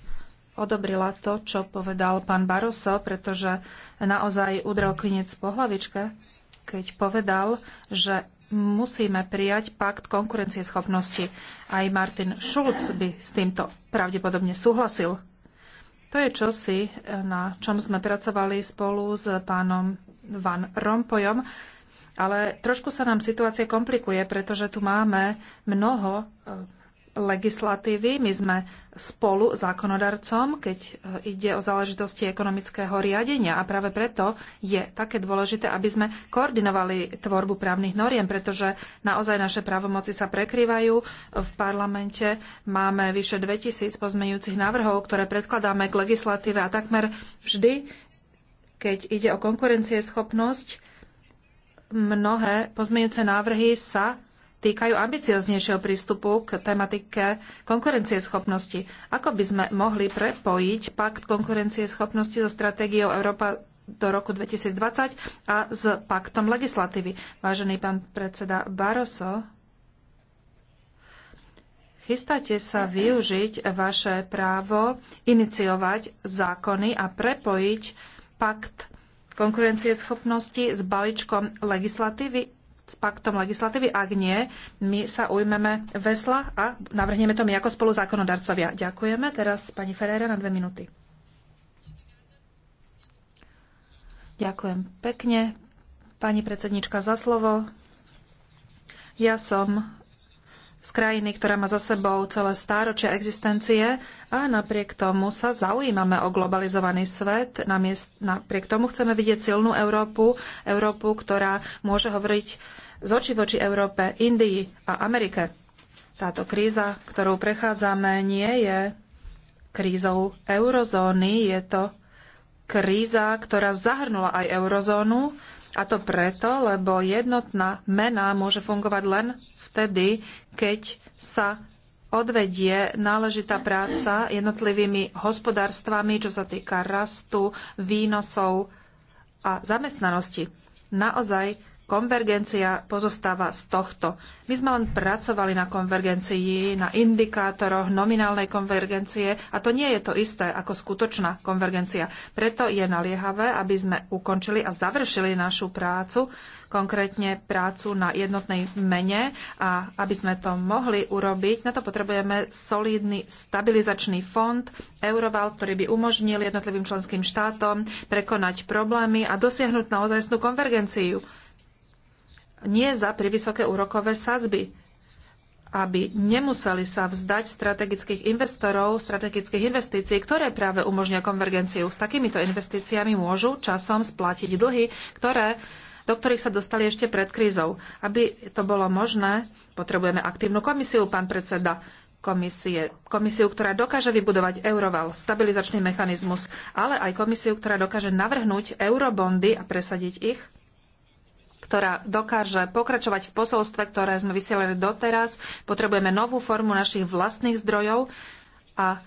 C: odobrila to, čo povedal pán Baroso, pretože naozaj udrel klinec po hlavičke keď povedal, že musíme prijať pakt konkurencieschopnosti. Aj Martin Schulz by s týmto pravdepodobne súhlasil. To je čosi, eh, na čom sme pracovali spolu s pánom Van Rompojom, ale trošku sa nám situácia komplikuje, pretože tu máme mnoho eh, legislatívy. My sme spolu zákonodarcom, keď eh, ide o záležitosti ekonomického riadenia a práve preto je také dôležité, aby sme koordinovali tvorbu právnych noriem, pretože naozaj naše právomoci sa prekrývajú. V parlamente máme vyše 2000 pozmeňujúcich návrhov, ktoré predkladáme k legislatíve a takmer vždy, keď ide o konkurencieschopnosť, mnohé pozmeňujúce návrhy sa týkajú ambicioznejšieho prístupu k tematike konkurencieschopnosti. Ako by sme mohli prepojiť pakt konkurencieschopnosti so stratégiou Európa do roku 2020 a s paktom legislatívy. Vážený pán predseda Baroso, chystáte sa využiť vaše právo iniciovať zákony a prepojiť pakt konkurencieschopnosti s balíčkom legislatívy? s paktom legislatívy. Ak nie, my sa ujmeme vesla a navrhneme to my ako spoluzákonodarcovia. Ďakujeme. Teraz pani Ferreira na dve minúty. Ďakujem pekne, pani predsednička, za slovo. Ja som z krajiny, ktorá má za sebou celé stáročia existencie a napriek tomu sa zaujímame o globalizovaný svet. napriek tomu chceme vidieť silnú Európu, Európu, ktorá môže hovoriť z oči voči Európe, Indii a Amerike. Táto kríza, ktorou prechádzame, nie je krízou eurozóny, je to kríza, ktorá zahrnula aj eurozónu, a to preto, lebo jednotná mena môže fungovať len vtedy, keď sa odvedie náležitá práca jednotlivými hospodárstvami, čo sa týka rastu, výnosov a zamestnanosti. Naozaj konvergencia pozostáva z tohto. My sme len pracovali na konvergencii, na indikátoroch nominálnej konvergencie a to nie je to isté ako skutočná konvergencia. Preto je naliehavé, aby sme ukončili a završili našu prácu, konkrétne prácu na jednotnej mene a aby sme to mohli urobiť, na to potrebujeme solídny stabilizačný fond Euroval, ktorý by umožnil jednotlivým členským štátom prekonať problémy a dosiahnuť naozajstnú konvergenciu nie za privysoké úrokové sadzby, aby nemuseli sa vzdať strategických investorov, strategických investícií, ktoré práve umožňujú konvergenciu. S takýmito investíciami môžu časom splatiť dlhy, ktoré do ktorých sa dostali ešte pred krízou. Aby to bolo možné, potrebujeme aktívnu komisiu, pán predseda komisie. Komisiu, ktorá dokáže vybudovať euroval, stabilizačný mechanizmus, ale aj komisiu, ktorá dokáže navrhnúť eurobondy a presadiť ich ktorá dokáže pokračovať v posolstve, ktoré sme vysielali doteraz. Potrebujeme novú formu našich vlastných zdrojov a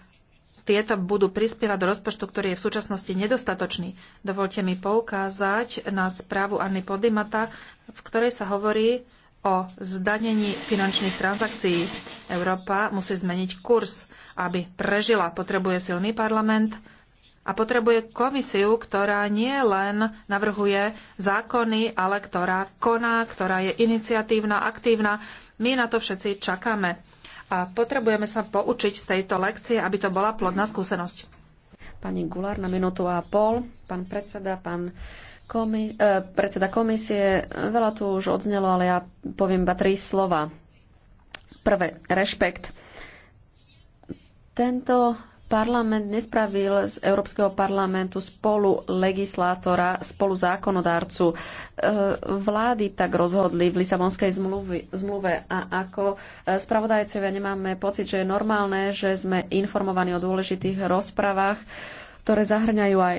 C: tieto budú prispievať do rozpočtu, ktorý je v súčasnosti nedostatočný. Dovolte mi poukázať na správu Anny Podimata, v ktorej sa hovorí o zdanení finančných transakcií. Európa musí zmeniť kurz, aby prežila. Potrebuje silný parlament, a potrebuje komisiu, ktorá nie len navrhuje zákony, ale ktorá koná, ktorá je iniciatívna, aktívna. My na to všetci čakáme. A potrebujeme sa poučiť z tejto lekcie, aby to bola plodná skúsenosť.
B: Pani Gulár na minútu a pol, pán predseda, pán komi- eh, predseda komisie, veľa tu už odznelo, ale ja poviem iba tri slova. Prvé, rešpekt. Tento Parlament nespravil z Európskeho parlamentu spolu legislátora, spolu zákonodárcu. E, vlády tak rozhodli v Lisabonskej zmluve a ako e, spravodajcovia nemáme pocit, že je normálne, že sme informovaní o dôležitých rozprávach, ktoré zahrňajú aj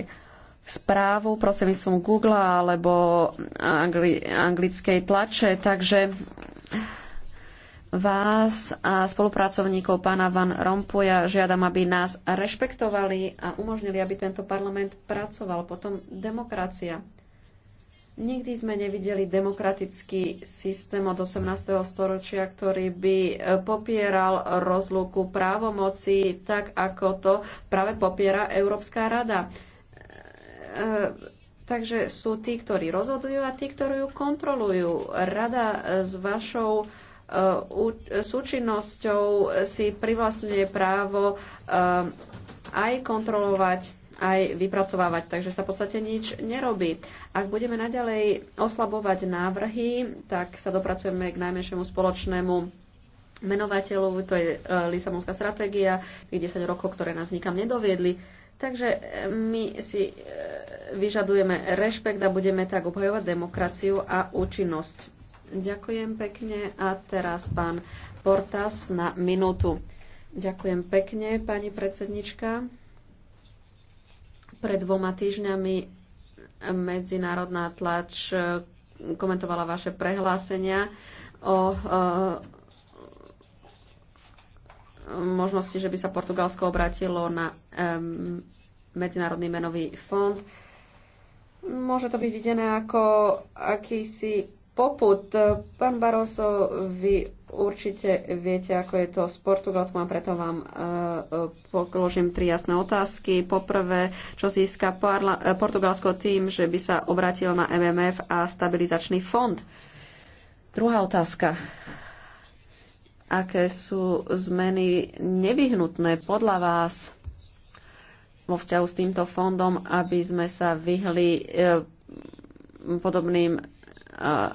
B: správu prostredníctvom Google alebo angli- anglickej tlače. Takže vás a spolupracovníkov pána Van Rompuja. Žiadam, aby nás rešpektovali a umožnili, aby tento parlament pracoval. Potom demokracia. Nikdy sme nevideli demokratický systém od 18. storočia, ktorý by e, popieral rozluku právomoci tak, ako to práve popiera Európska rada. E, takže sú tí, ktorí rozhodujú a tí, ktorí ju kontrolujú. Rada e, s vašou Uh, súčinnosťou si privlastňuje právo uh, aj kontrolovať aj vypracovávať, takže sa v podstate nič nerobí. Ak budeme naďalej oslabovať návrhy, tak sa dopracujeme k najmenšiemu spoločnému menovateľu, to je uh, Lisabonská stratégia, tých 10 rokov, ktoré nás nikam nedoviedli. Takže my si vyžadujeme rešpekt a budeme tak obhajovať demokraciu a účinnosť. Ďakujem pekne a teraz pán Portas na minútu. Ďakujem pekne, pani predsednička. Pred dvoma týždňami medzinárodná tlač e, komentovala vaše prehlásenia o e, možnosti, že by sa Portugalsko obratilo na Medzinárodný menový fond. Môže to byť videné ako akýsi poput. Pán Baroso, vy určite viete, ako je to s Portugalskom a preto vám uh, položím tri jasné otázky. Poprvé, čo získa parla- e, Portugalsko tým, že by sa obratil na MMF a stabilizačný fond? Druhá otázka. Aké sú zmeny nevyhnutné podľa vás vo vzťahu s týmto fondom, aby sme sa vyhli podobným Eh,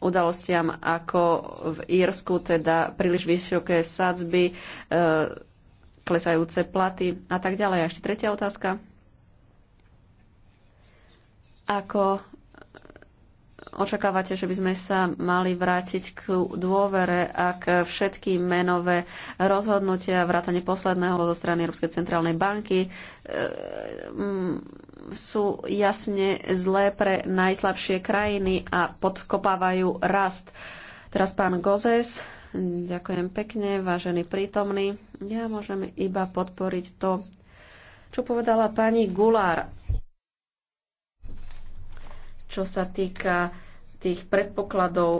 B: udalostiam ako v Írsku, teda príliš vysoké sadzby, eh, klesajúce platy a tak ďalej. A ešte tretia otázka. Ako očakávate, že by sme sa mali vrátiť k dôvere, ak všetky menové rozhodnutia, vrátane posledného zo strany Európskej centrálnej banky, e, mm, sú jasne zlé pre najslabšie krajiny a podkopávajú rast. Teraz pán Gozes, ďakujem pekne, vážený prítomný. Ja môžem iba podporiť to, čo povedala pani Gulár čo sa týka tých predpokladov,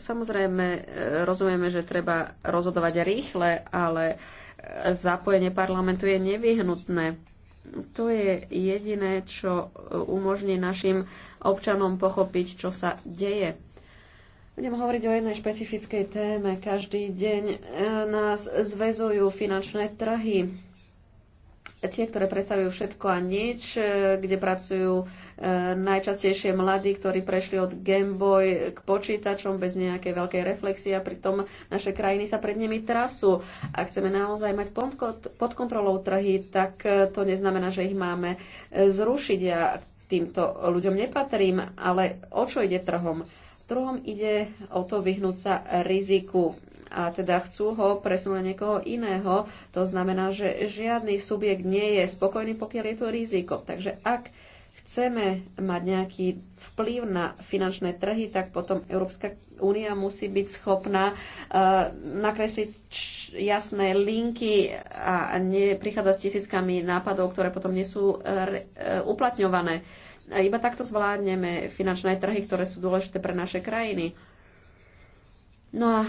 B: samozrejme e, rozumieme, že treba rozhodovať rýchle, ale e, zapojenie parlamentu je nevyhnutné. To je jediné, čo e, umožní našim občanom pochopiť, čo sa deje. Budem hovoriť o jednej špecifickej téme. Každý deň nás zväzujú finančné trhy tie, ktoré predstavujú všetko a nič, e, kde pracujú e, najčastejšie mladí, ktorí prešli od Game Boy k počítačom bez nejakej veľkej reflexie a pritom naše krajiny sa pred nimi trasú. A chceme naozaj mať pod kontrolou trhy, tak e, to neznamená, že ich máme zrušiť. Ja týmto ľuďom nepatrím, ale o čo ide trhom? Trhom ide o to vyhnúť sa riziku a teda chcú ho presunúť na niekoho iného. To znamená, že žiadny subjekt nie je spokojný, pokiaľ je to riziko. Takže ak chceme mať nejaký vplyv na finančné trhy, tak potom Európska únia musí byť schopná uh, nakresliť jasné linky a neprichádzať s tisíckami nápadov, ktoré potom nie sú uh, uh, uplatňované. Iba takto zvládneme finančné trhy, ktoré sú dôležité pre naše krajiny. No a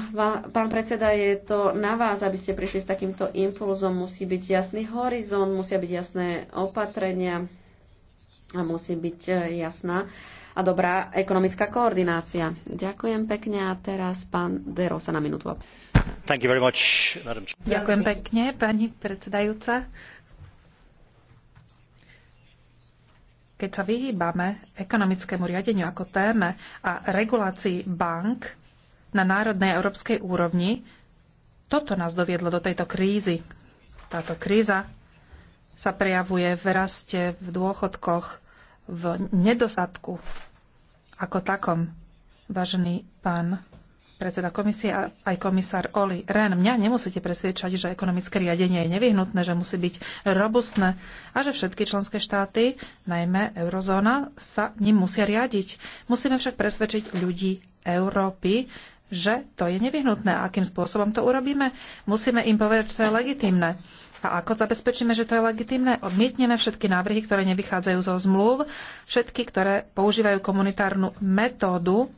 B: pán predseda, je to na vás, aby ste prišli s takýmto impulzom. Musí byť jasný horizont, musia byť jasné opatrenia a musí byť e, jasná a dobrá ekonomická koordinácia. Ďakujem pekne a teraz pán sa na minútu. Much, Ďakujem pekne, pani predsedajúca.
C: Keď sa vyhýbame ekonomickému riadeniu ako téme a regulácii bank, na národnej európskej úrovni. Toto nás doviedlo do tejto krízy. Táto kríza sa prejavuje v raste, v dôchodkoch, v nedosadku. ako takom. Vážený pán predseda komisie a aj komisár Oli Ren, mňa nemusíte presviečať, že ekonomické riadenie je nevyhnutné, že musí byť robustné a že všetky členské štáty, najmä eurozóna, sa ním musia riadiť. Musíme však presvedčiť ľudí Európy, že to je nevyhnutné. A akým spôsobom to urobíme? Musíme im povedať, že to je legitimné. A ako zabezpečíme, že to je legitimné? Odmietneme všetky návrhy, ktoré nevychádzajú zo zmluv, všetky, ktoré používajú komunitárnu metódu,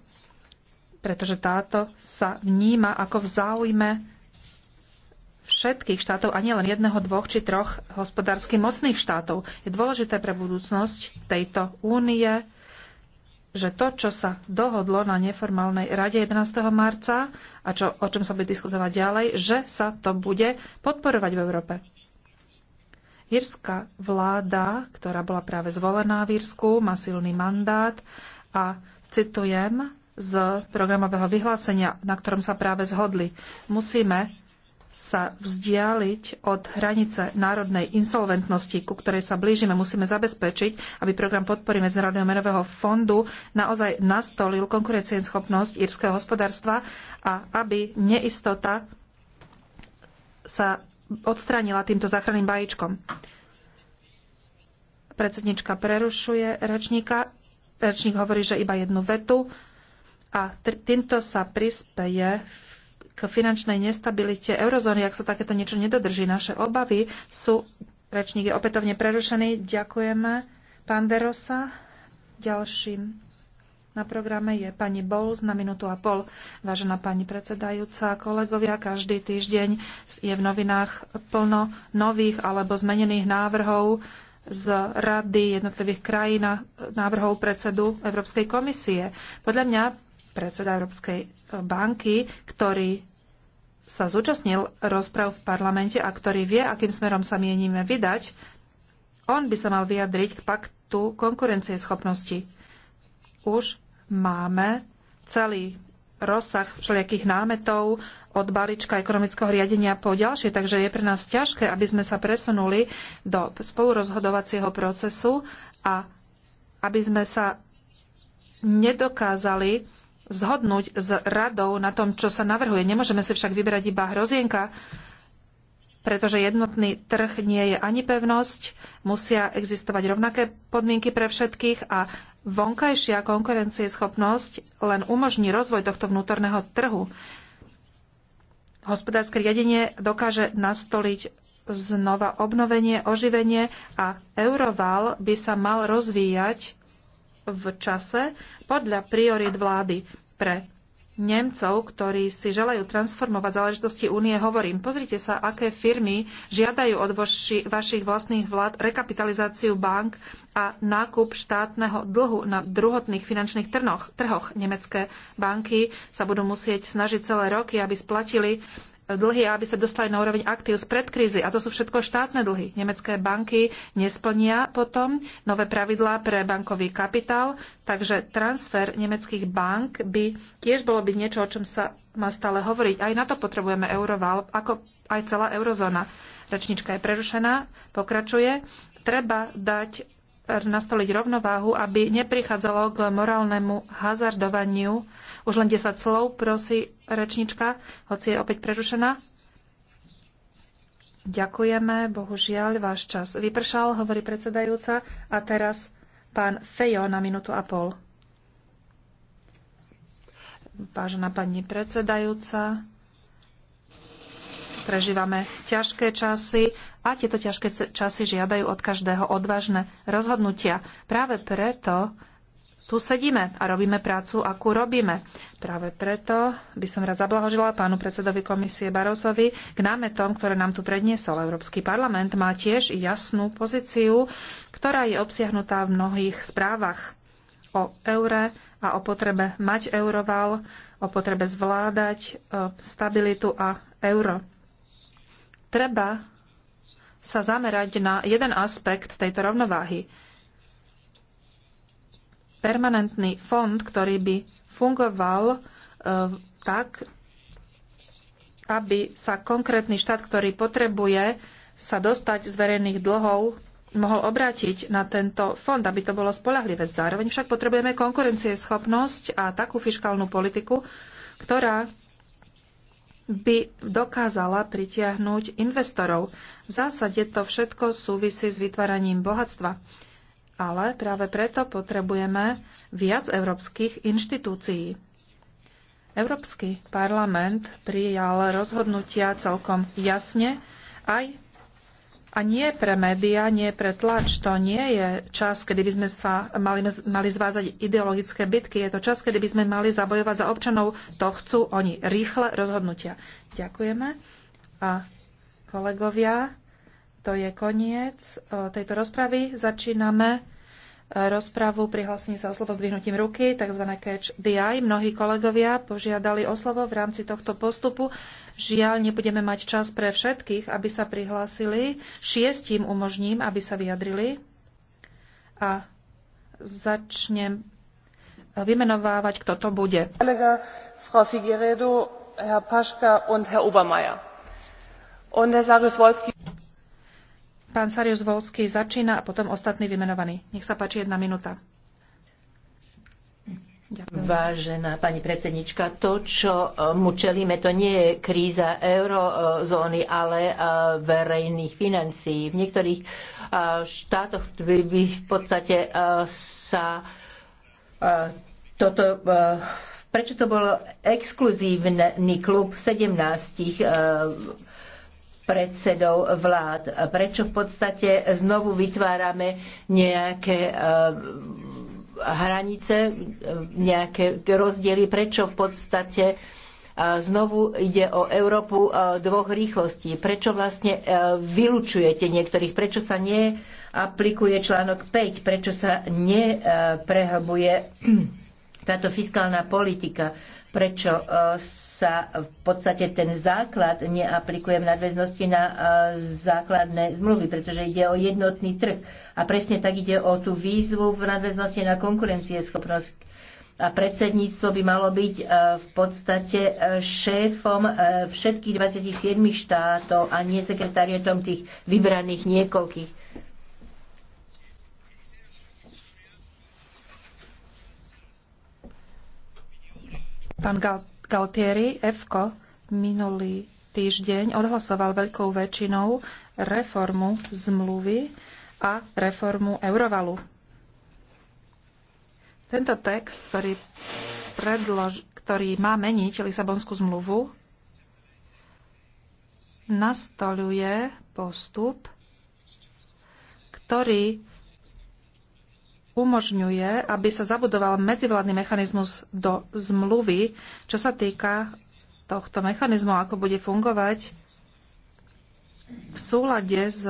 C: pretože táto sa vníma ako v záujme všetkých štátov a nielen jedného, dvoch či troch hospodársky mocných štátov. Je dôležité pre budúcnosť tejto únie že to, čo sa dohodlo na neformálnej rade 11. marca a čo, o čom sa bude diskutovať ďalej, že sa to bude podporovať v Európe. Írska vláda, ktorá bola práve zvolená v Írsku, má silný mandát a citujem z programového vyhlásenia, na ktorom sa práve zhodli. Musíme sa vzdialiť od hranice národnej insolventnosti, ku ktorej sa blížime. Musíme zabezpečiť, aby program podpory Medzinárodného menového fondu naozaj nastolil konkurencieschopnosť írskeho hospodárstva a aby neistota sa odstránila týmto záchranným bajíčkom. Predsednička prerušuje rečníka. Rečník hovorí, že iba jednu vetu a týmto sa prispeje k finančnej nestabilite eurozóny, ak sa takéto niečo nedodrží. Naše obavy sú... Rečník je opätovne prerušený. Ďakujeme. Pán Derosa, ďalším na programe je pani Bowles na minútu a pol. Vážená pani predsedajúca, kolegovia, každý týždeň je v novinách plno nových alebo zmenených návrhov z rady jednotlivých krajín a návrhov predsedu Európskej komisie. Podľa mňa predseda Európskej banky, ktorý sa zúčastnil rozprav v parlamente a ktorý vie, akým smerom sa mienime vydať, on by sa mal vyjadriť k paktu konkurencieschopnosti. Už máme celý rozsah všelijakých námetov od balíčka ekonomického riadenia po ďalšie, takže je pre nás ťažké, aby sme sa presunuli do spolurozhodovacieho procesu a aby sme sa nedokázali zhodnúť s radou na tom, čo sa navrhuje. Nemôžeme si však vybrať iba hrozienka, pretože jednotný trh nie je ani pevnosť, musia existovať rovnaké podmienky pre všetkých a vonkajšia konkurencieschopnosť len umožní rozvoj tohto vnútorného trhu. Hospodárske riadenie dokáže nastoliť znova obnovenie, oživenie a euroval by sa mal rozvíjať v čase podľa priorit vlády pre Nemcov, ktorí si želajú transformovať záležitosti únie, hovorím, pozrite sa, aké firmy žiadajú od voši, vašich vlastných vlád rekapitalizáciu bank a nákup štátneho dlhu na druhotných finančných trnoch, trhoch. Nemecké banky sa budú musieť snažiť celé roky, aby splatili dlhy, aby sa dostali na úroveň aktív z predkrízy. A to sú všetko štátne dlhy. Nemecké banky nesplnia potom nové pravidlá pre bankový kapitál, takže transfer nemeckých bank by tiež bolo byť niečo, o čom sa má stále hovoriť. Aj na to potrebujeme euroval, ako aj celá eurozóna. Rečnička je prerušená, pokračuje. Treba dať nastoliť rovnováhu, aby neprichádzalo k morálnemu hazardovaniu. Už len 10 slov, prosí rečnička, hoci je opäť prerušená. Ďakujeme, bohužiaľ, váš čas vypršal, hovorí predsedajúca. A teraz pán Fejo na minútu a pol. Vážená pani predsedajúca, prežívame ťažké časy a tieto ťažké časy žiadajú od každého odvážne rozhodnutia. Práve preto tu sedíme a robíme prácu, akú robíme. Práve preto by som rád zablahožila pánu predsedovi komisie Barosovi k námetom, ktoré nám tu predniesol. Európsky parlament má tiež jasnú pozíciu, ktorá je obsiahnutá v mnohých správach o eure a o potrebe mať euroval, o potrebe zvládať e, stabilitu a euro. Treba sa zamerať na jeden aspekt tejto rovnováhy. Permanentný fond, ktorý by fungoval uh, tak, aby sa konkrétny štát, ktorý potrebuje sa dostať z verejných dlhov, mohol obrátiť na tento fond, aby to bolo spolahlivé. Zároveň však potrebujeme konkurencieschopnosť a takú fiskálnu politiku, ktorá by dokázala pritiahnuť investorov. V zásade to všetko súvisí s vytváraním bohatstva. Ale práve preto potrebujeme viac európskych inštitúcií. Európsky parlament prijal rozhodnutia celkom jasne aj a nie pre médiá, nie pre tlač. To nie je čas, kedy by sme sa mali, mali zvázať ideologické bitky. Je to čas, kedy by sme mali zabojovať za občanov. To chcú oni. Rýchle rozhodnutia. Ďakujeme. A kolegovia, to je koniec e, tejto rozpravy. Začíname rozpravu, prihlásenie sa o slovo zdvihnutím ruky, tzv. catch DI. Mnohí kolegovia požiadali o slovo v rámci tohto postupu. Žiaľ, nebudeme mať čas pre všetkých, aby sa prihlásili. Šiestim umožním, aby sa vyjadrili. A začnem vymenovávať, kto to bude.
A: Kolega, Frau Figueredo, Herr Paška und Herr Obermeier. Und Herr Sarus-Wolski.
C: Pán Sarius Volský začína a potom ostatní vymenovaní. Nech sa páči jedna minúta.
D: Ďakujem. Vážená pani predsednička, to, čo e, mu čelíme, to nie je kríza eurozóny, ale e, verejných financií. V niektorých e, štátoch by v podstate sa toto Prečo to bolo exkluzívny klub 17 predsedov vlád. Prečo v podstate znovu vytvárame nejaké eh, hranice, nejaké rozdiely, prečo v podstate eh, znovu ide o Európu eh, dvoch rýchlostí. Prečo vlastne vylučujete niektorých? Prečo sa neaplikuje článok 5? Prečo sa neprehlbuje táto fiskálna politika? prečo e, sa v podstate ten základ neaplikuje v nadväznosti na e, základné zmluvy, pretože ide o jednotný trh. A presne tak ide o tú výzvu v nadväznosti na konkurencieschopnosť. A predsedníctvo by malo byť e, v podstate šéfom všetkých 27 štátov a nie sekretariatom tých vybraných niekoľkých.
C: Pán Galtieri, EFKO minulý týždeň odhlasoval veľkou väčšinou reformu zmluvy a reformu Eurovalu. Tento text, ktorý, predlož, ktorý má meniť Lisabonskú zmluvu, nastoluje postup, ktorý umožňuje, aby sa zabudoval medzivládny mechanizmus do zmluvy, čo sa týka tohto mechanizmu, ako bude fungovať v súlade s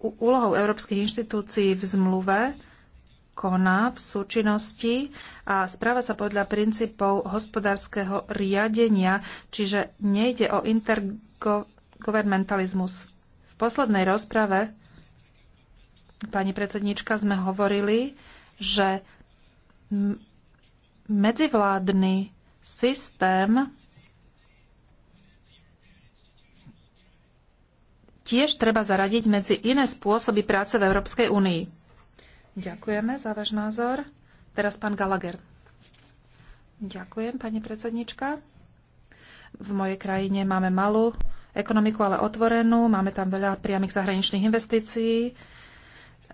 C: úlohou európskych inštitúcií v zmluve, koná v súčinnosti a správa sa podľa princípov hospodárskeho riadenia, čiže nejde o intergovernmentalizmus. V poslednej rozprave, pani predsednička, sme hovorili že medzivládny systém tiež treba zaradiť medzi iné spôsoby práce v Európskej únii. Ďakujeme za váš názor. Teraz pán Gallagher. Ďakujem, pani predsednička. V mojej krajine máme malú ekonomiku, ale otvorenú. Máme tam veľa priamých zahraničných investícií.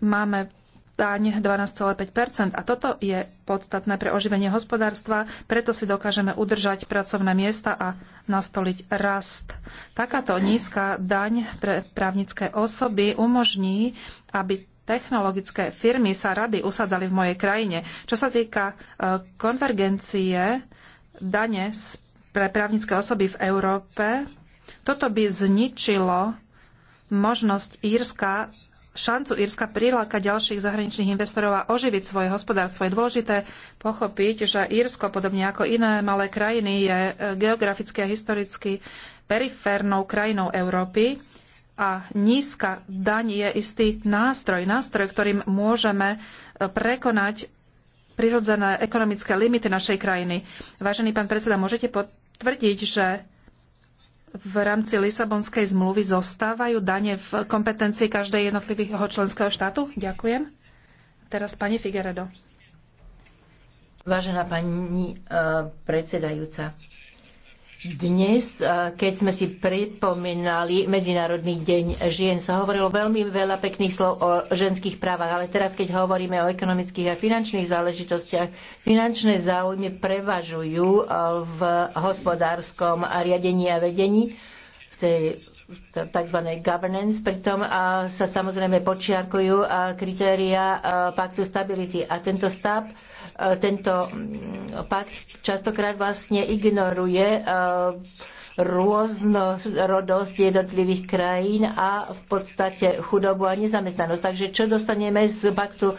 C: Máme daň 12,5 A toto je podstatné pre oživenie hospodárstva, preto si dokážeme udržať pracovné miesta a nastoliť rast. Takáto nízka daň pre právnické osoby umožní, aby technologické firmy sa rady usadzali v mojej krajine. Čo sa týka e, konvergencie dane pre právnické osoby v Európe, toto by zničilo možnosť Írska šancu Írska prilákať ďalších zahraničných investorov a oživiť svoje hospodárstvo. Je dôležité pochopiť, že Írsko, podobne ako iné malé krajiny, je e, geograficky a historicky periférnou krajinou Európy a nízka daň je istý nástroj, nástroj, ktorým môžeme e, prekonať prirodzené ekonomické limity našej krajiny. Vážený pán predseda, môžete potvrdiť, že v rámci Lisabonskej zmluvy zostávajú dane v kompetencii každej jednotlivého členského štátu? Ďakujem. Teraz pani Figueredo.
D: Vážená pani eh, predsedajúca, dnes, e, keď sme si pripomínali Medzinárodný deň žien, sa hovorilo veľmi veľa pekných slov o ženských právach, ale teraz, keď hovoríme o ekonomických a finančných záležitostiach, finančné záujmy prevažujú e, v hospodárskom riadení a vedení tej tzv. governance, pritom sa samozrejme počiarkujú kritéria paktu stability. A tento stav, tento mm, pakt častokrát vlastne ignoruje rôznorodosť jednotlivých krajín a v podstate chudobu a nezamestnanosť. Takže čo dostaneme z paktu e,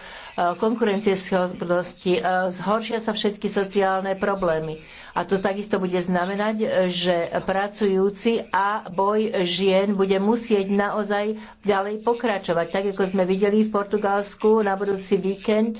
D: konkurencieschopnosti? E, zhoršia sa všetky sociálne problémy. A to takisto bude znamenať, že pracujúci a boj žien bude musieť naozaj ďalej pokračovať. Tak ako sme videli v Portugalsku na budúci víkend,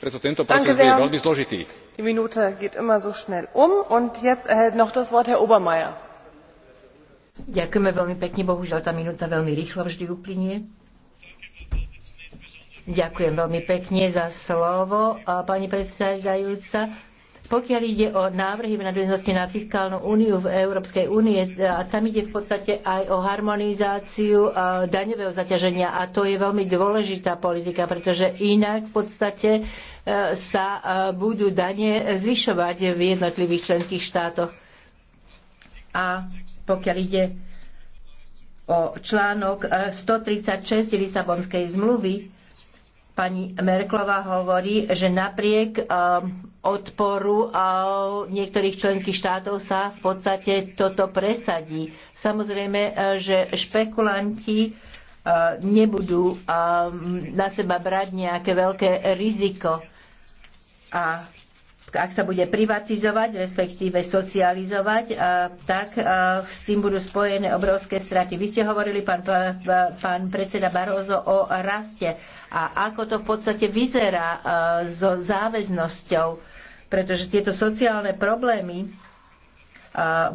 A: preto tento proces bude veľmi zložitý.
C: Um Ďakujeme veľmi pekne,
D: bohužiaľ tá minúta veľmi rýchlo vždy uplynie. Ďakujem veľmi pekne za slovo, pani predsedajúca. Pokiaľ ide o návrhy v nadväznosti na fiskálnu úniu v Európskej únie, tam ide v podstate aj o harmonizáciu daňového zaťaženia a to je veľmi dôležitá politika, pretože inak v podstate e, sa e, budú dane zvyšovať v jednotlivých členských štátoch. A pokiaľ ide o článok 136 e, Lisabonskej zmluvy, Pani Merklová hovorí, že napriek um, odporu niektorých členských štátov sa v podstate toto presadí. Samozrejme, e, že špekulanti e, nebudú um, na seba brať nejaké veľké riziko. A ak sa bude privatizovať, respektíve socializovať, tak s tým budú spojené obrovské straty. Vy ste hovorili, pán, pán predseda Barozo, o raste a ako to v podstate vyzerá so záväznosťou, pretože tieto sociálne problémy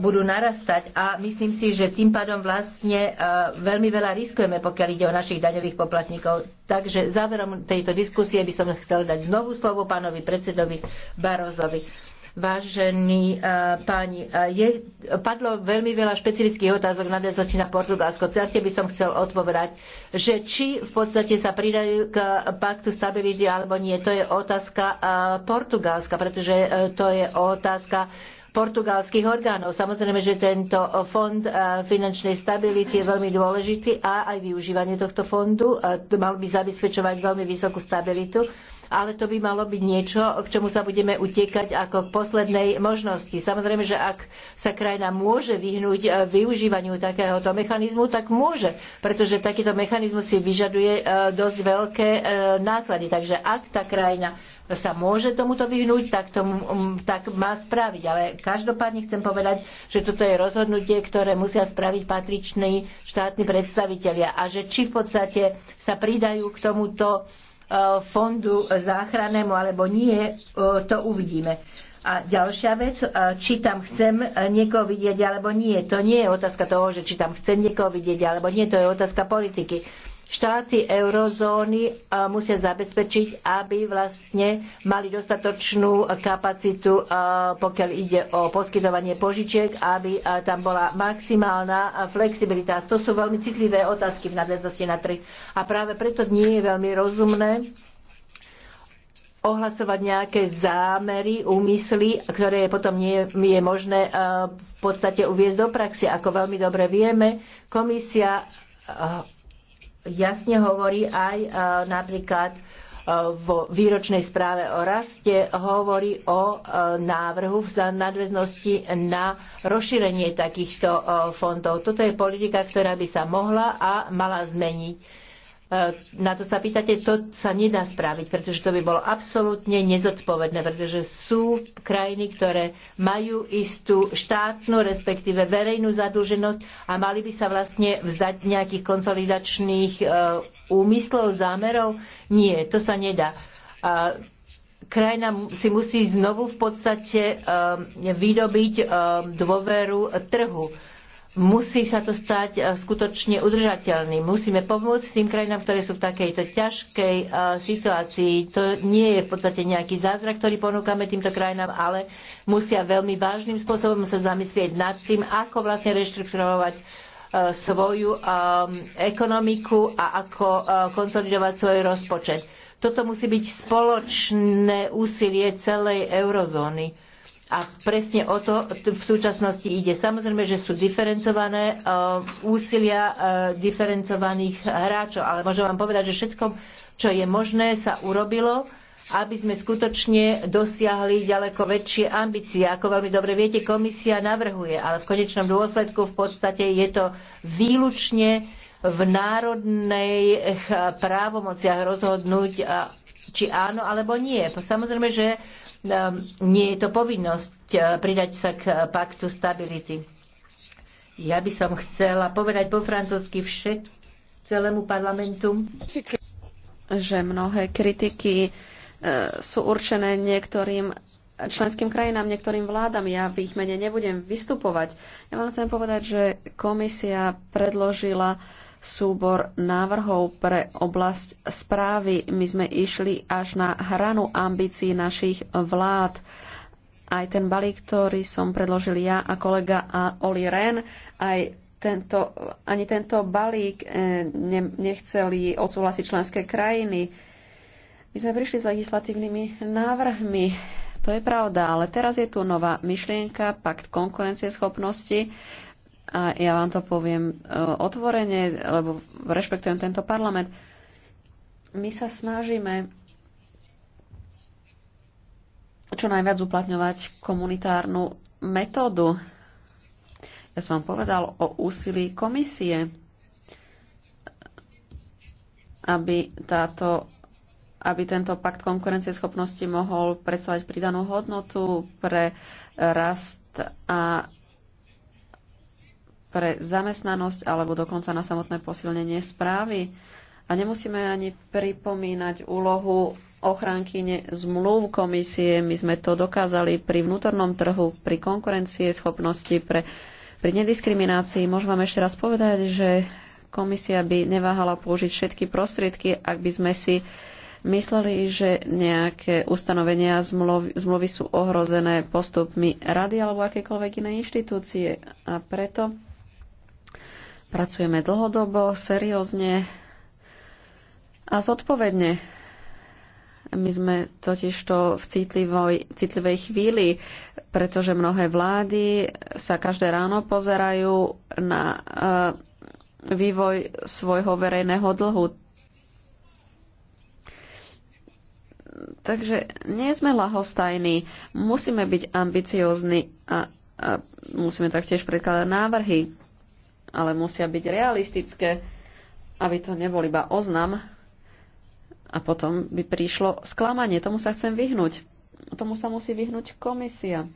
D: budú narastať a myslím si, že tým pádom vlastne veľmi veľa riskujeme, pokiaľ ide o našich daňových poplatníkov. Takže záverom tejto diskusie by som chcel dať znovu slovo pánovi predsedovi Barozovi. Vážení páni, je, padlo veľmi veľa špecifických otázok na nadväznosti na Portugalsko. tak teda by som chcel odpovedať, že či v podstate sa pridajú k paktu stability alebo nie, to je otázka Portugalska, pretože e, to je otázka portugalských orgánov. Samozrejme, že tento fond eh, finančnej stability je veľmi dôležitý a aj využívanie tohto fondu eh, mal by zabezpečovať veľmi vysokú stabilitu ale to by malo byť niečo, k čomu sa budeme utekať ako k poslednej možnosti. Samozrejme, že ak sa krajina môže vyhnúť eh, využívaniu takéhoto mechanizmu, tak môže, pretože takýto mechanizmus si vyžaduje dosť veľké náklady. Takže ak tá krajina sa môže tomuto vyhnúť, tak, tomu, mm, tak má spraviť. Ale každopádne chcem povedať, že toto je rozhodnutie, ktoré musia spraviť patriční štátni predstavitelia a že či v podstate sa pridajú k tomuto e, fondu záchrannému alebo nie, e, to uvidíme. A ďalšia vec, e, či tam chcem niekoho vidieť alebo nie. To nie je otázka toho, že či tam chcem niekoho vidieť alebo nie, to je otázka politiky štáty eurozóny e, musia zabezpečiť, aby vlastne mali dostatočnú kapacitu, e, pokiaľ ide o poskytovanie požičiek, aby e, tam bola maximálna flexibilita. To sú veľmi citlivé otázky v nadväznosti na trh. A práve preto nie je veľmi rozumné ohlasovať nejaké zámery, úmysly, ktoré potom nie je možné v podstate uviezť do praxe. Ako veľmi dobre vieme, komisia jasne hovorí aj e, napríklad e, vo výročnej správe o raste hovorí o e, návrhu v nadväznosti na rozšírenie takýchto fondov. Toto je politika, ktorá by sa mohla a mala zmeniť E, na to sa pýtate, to sa nedá spraviť, pretože to by bolo absolútne nezodpovedné, pretože sú krajiny, ktoré majú istú štátnu, respektíve verejnú zadlženosť a mali by sa vlastne vzdať nejakých konsolidačných e, úmyslov, zámerov. Nie, to sa nedá. E, krajina si musí znovu v podstate vydobiť dôveru trhu Musí sa to stať e, skutočne udržateľným. Musíme pomôcť tým krajinám, ktoré sú v takejto ťažkej e, situácii. To nie je v podstate nejaký zázrak, ktorý ponúkame týmto krajinám, ale musia veľmi vážnym spôsobom sa zamyslieť nad tým, ako vlastne reštrukturovať e, svoju ekonomiku a ako konsolidovať svoj rozpočet. Toto musí byť spoločné úsilie celej eurozóny. A presne o to v súčasnosti ide. Samozrejme, že sú diferencované e, úsilia e, diferencovaných hráčov, ale môžem vám povedať, že všetko, čo je možné, sa urobilo aby sme skutočne dosiahli ďaleko väčšie ambície. Ako veľmi dobre viete, komisia navrhuje, ale v konečnom dôsledku v podstate je to výlučne v národnej právomociach rozhodnúť či áno alebo nie. Samozrejme, že um, nie je to povinnosť uh, pridať sa k paktu stability. Ja by som chcela povedať po francúzsky
B: všet celému parlamentu, že mnohé kritiky uh, sú určené niektorým členským krajinám, niektorým vládam. Ja v ich mene nebudem vystupovať. Ja vám chcem povedať, že komisia predložila súbor návrhov pre oblasť správy. My sme išli až na hranu ambícií našich vlád. Aj ten balík, ktorý som predložil ja a kolega a Oli Ren, aj tento, ani tento balík eh, ne, nechceli odsúhlasiť členské krajiny. My sme prišli s legislatívnymi návrhmi. To je pravda, ale teraz je tu nová myšlienka, pakt konkurencieschopnosti. A ja vám to poviem e, otvorene, lebo rešpektujem tento parlament. My sa snažíme čo najviac uplatňovať komunitárnu metódu. Ja som vám povedal o úsilí komisie, aby, táto, aby tento pakt konkurencieschopnosti mohol predstavať pridanú hodnotu pre rast a pre zamestnanosť alebo dokonca na samotné posilnenie správy. A nemusíme ani pripomínať úlohu ochránkyne zmluv komisie. My sme to dokázali pri vnútornom trhu, pri konkurencie schopnosti, pre, pri nediskriminácii. Môžem vám ešte raz povedať, že komisia by neváhala použiť všetky prostriedky, ak by sme si mysleli, že nejaké ustanovenia zmluv, zmluvy sú ohrozené postupmi rady alebo akékoľvek inej inštitúcie. A preto Pracujeme dlhodobo, seriózne a zodpovedne. My sme totiž to v citlivoj, citlivej chvíli, pretože mnohé vlády sa každé ráno pozerajú na e, vývoj svojho verejného dlhu. Takže nie sme lahostajní, musíme byť ambiciózni a, a musíme taktiež predkladať návrhy ale musia byť realistické, aby to nebol iba oznam a potom by prišlo sklamanie. Tomu sa chcem vyhnúť. Tomu sa musí vyhnúť komisia.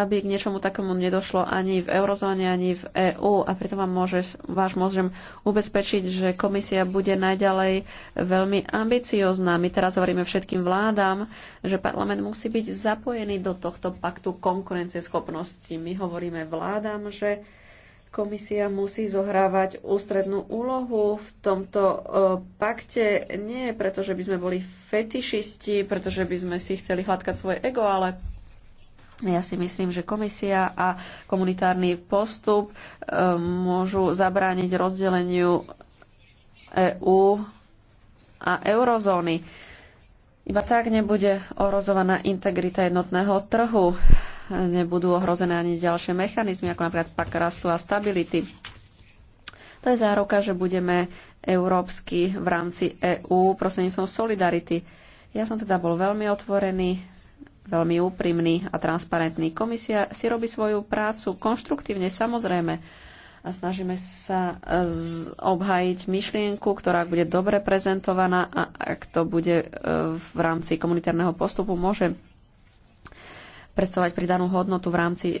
B: aby k niečomu takomu nedošlo ani v eurozóne, ani v EÚ. A preto vám môže, váš môžem ubezpečiť, že komisia bude naďalej veľmi ambiciozná. My teraz hovoríme všetkým vládám, že parlament musí byť zapojený do tohto paktu konkurencieschopnosti. My hovoríme vládám, že komisia musí zohrávať ústrednú úlohu v tomto e, pakte. Nie preto, že by sme boli fetišisti, pretože by sme si chceli hladkať svoje ego, ale ja si myslím, že komisia a komunitárny postup e, môžu zabrániť rozdeleniu EÚ a eurozóny. Iba tak nebude ohrozovaná integrita jednotného trhu. Nebudú ohrozené ani ďalšie mechanizmy, ako napríklad pak rastu a stability. To je zároka, že budeme európsky v rámci EÚ prostredníctvom solidarity. Ja som teda bol veľmi otvorený veľmi úprimný a transparentný. Komisia si robí svoju prácu konštruktívne, samozrejme, a snažíme sa e, obhajiť myšlienku, ktorá bude dobre prezentovaná a ak to bude e, v rámci komunitárneho postupu, môže predstavovať pridanú hodnotu v rámci e,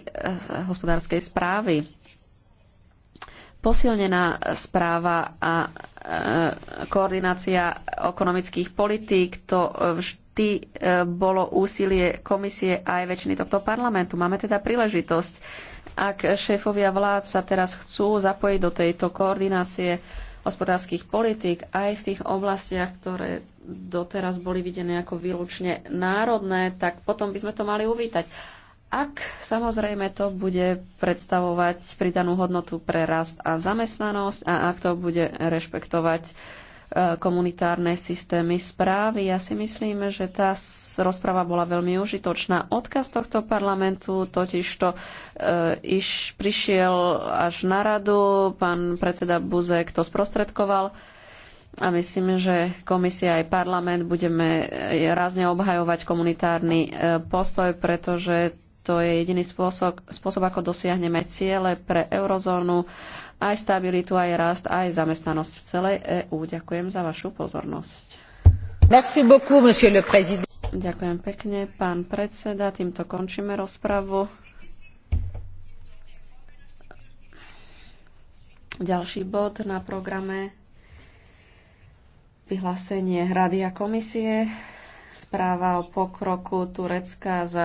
B: hospodárskej správy. Posilnená správa a koordinácia ekonomických politík, to vždy e, bolo úsilie komisie aj väčšiny tohto parlamentu. Máme teda príležitosť, ak šéfovia vlád sa teraz chcú zapojiť do tejto koordinácie hospodárskych politík aj v tých oblastiach, ktoré doteraz boli videné ako výlučne národné, tak potom by sme to mali uvítať. Ak samozrejme to bude predstavovať pridanú hodnotu pre rast a zamestnanosť a ak to bude rešpektovať komunitárne systémy správy. Ja si myslím, že tá rozprava bola veľmi užitočná. Odkaz tohto parlamentu totiž to e, iš prišiel až na radu, pán predseda Buzek to sprostredkoval a myslím, že komisia aj parlament budeme e, rázne obhajovať komunitárny e, postoj, pretože to je jediný spôsob, spôsob ako dosiahneme ciele pre eurozónu, aj stabilitu, aj rast, aj zamestnanosť v celej EÚ. Ďakujem za vašu pozornosť. Merci beaucoup, monsieur le président. Ďakujem pekne, pán predseda. Týmto končíme rozpravu. Ďalší bod na programe vyhlásenie Rady a komisie. Správa o pokroku
C: Turecka za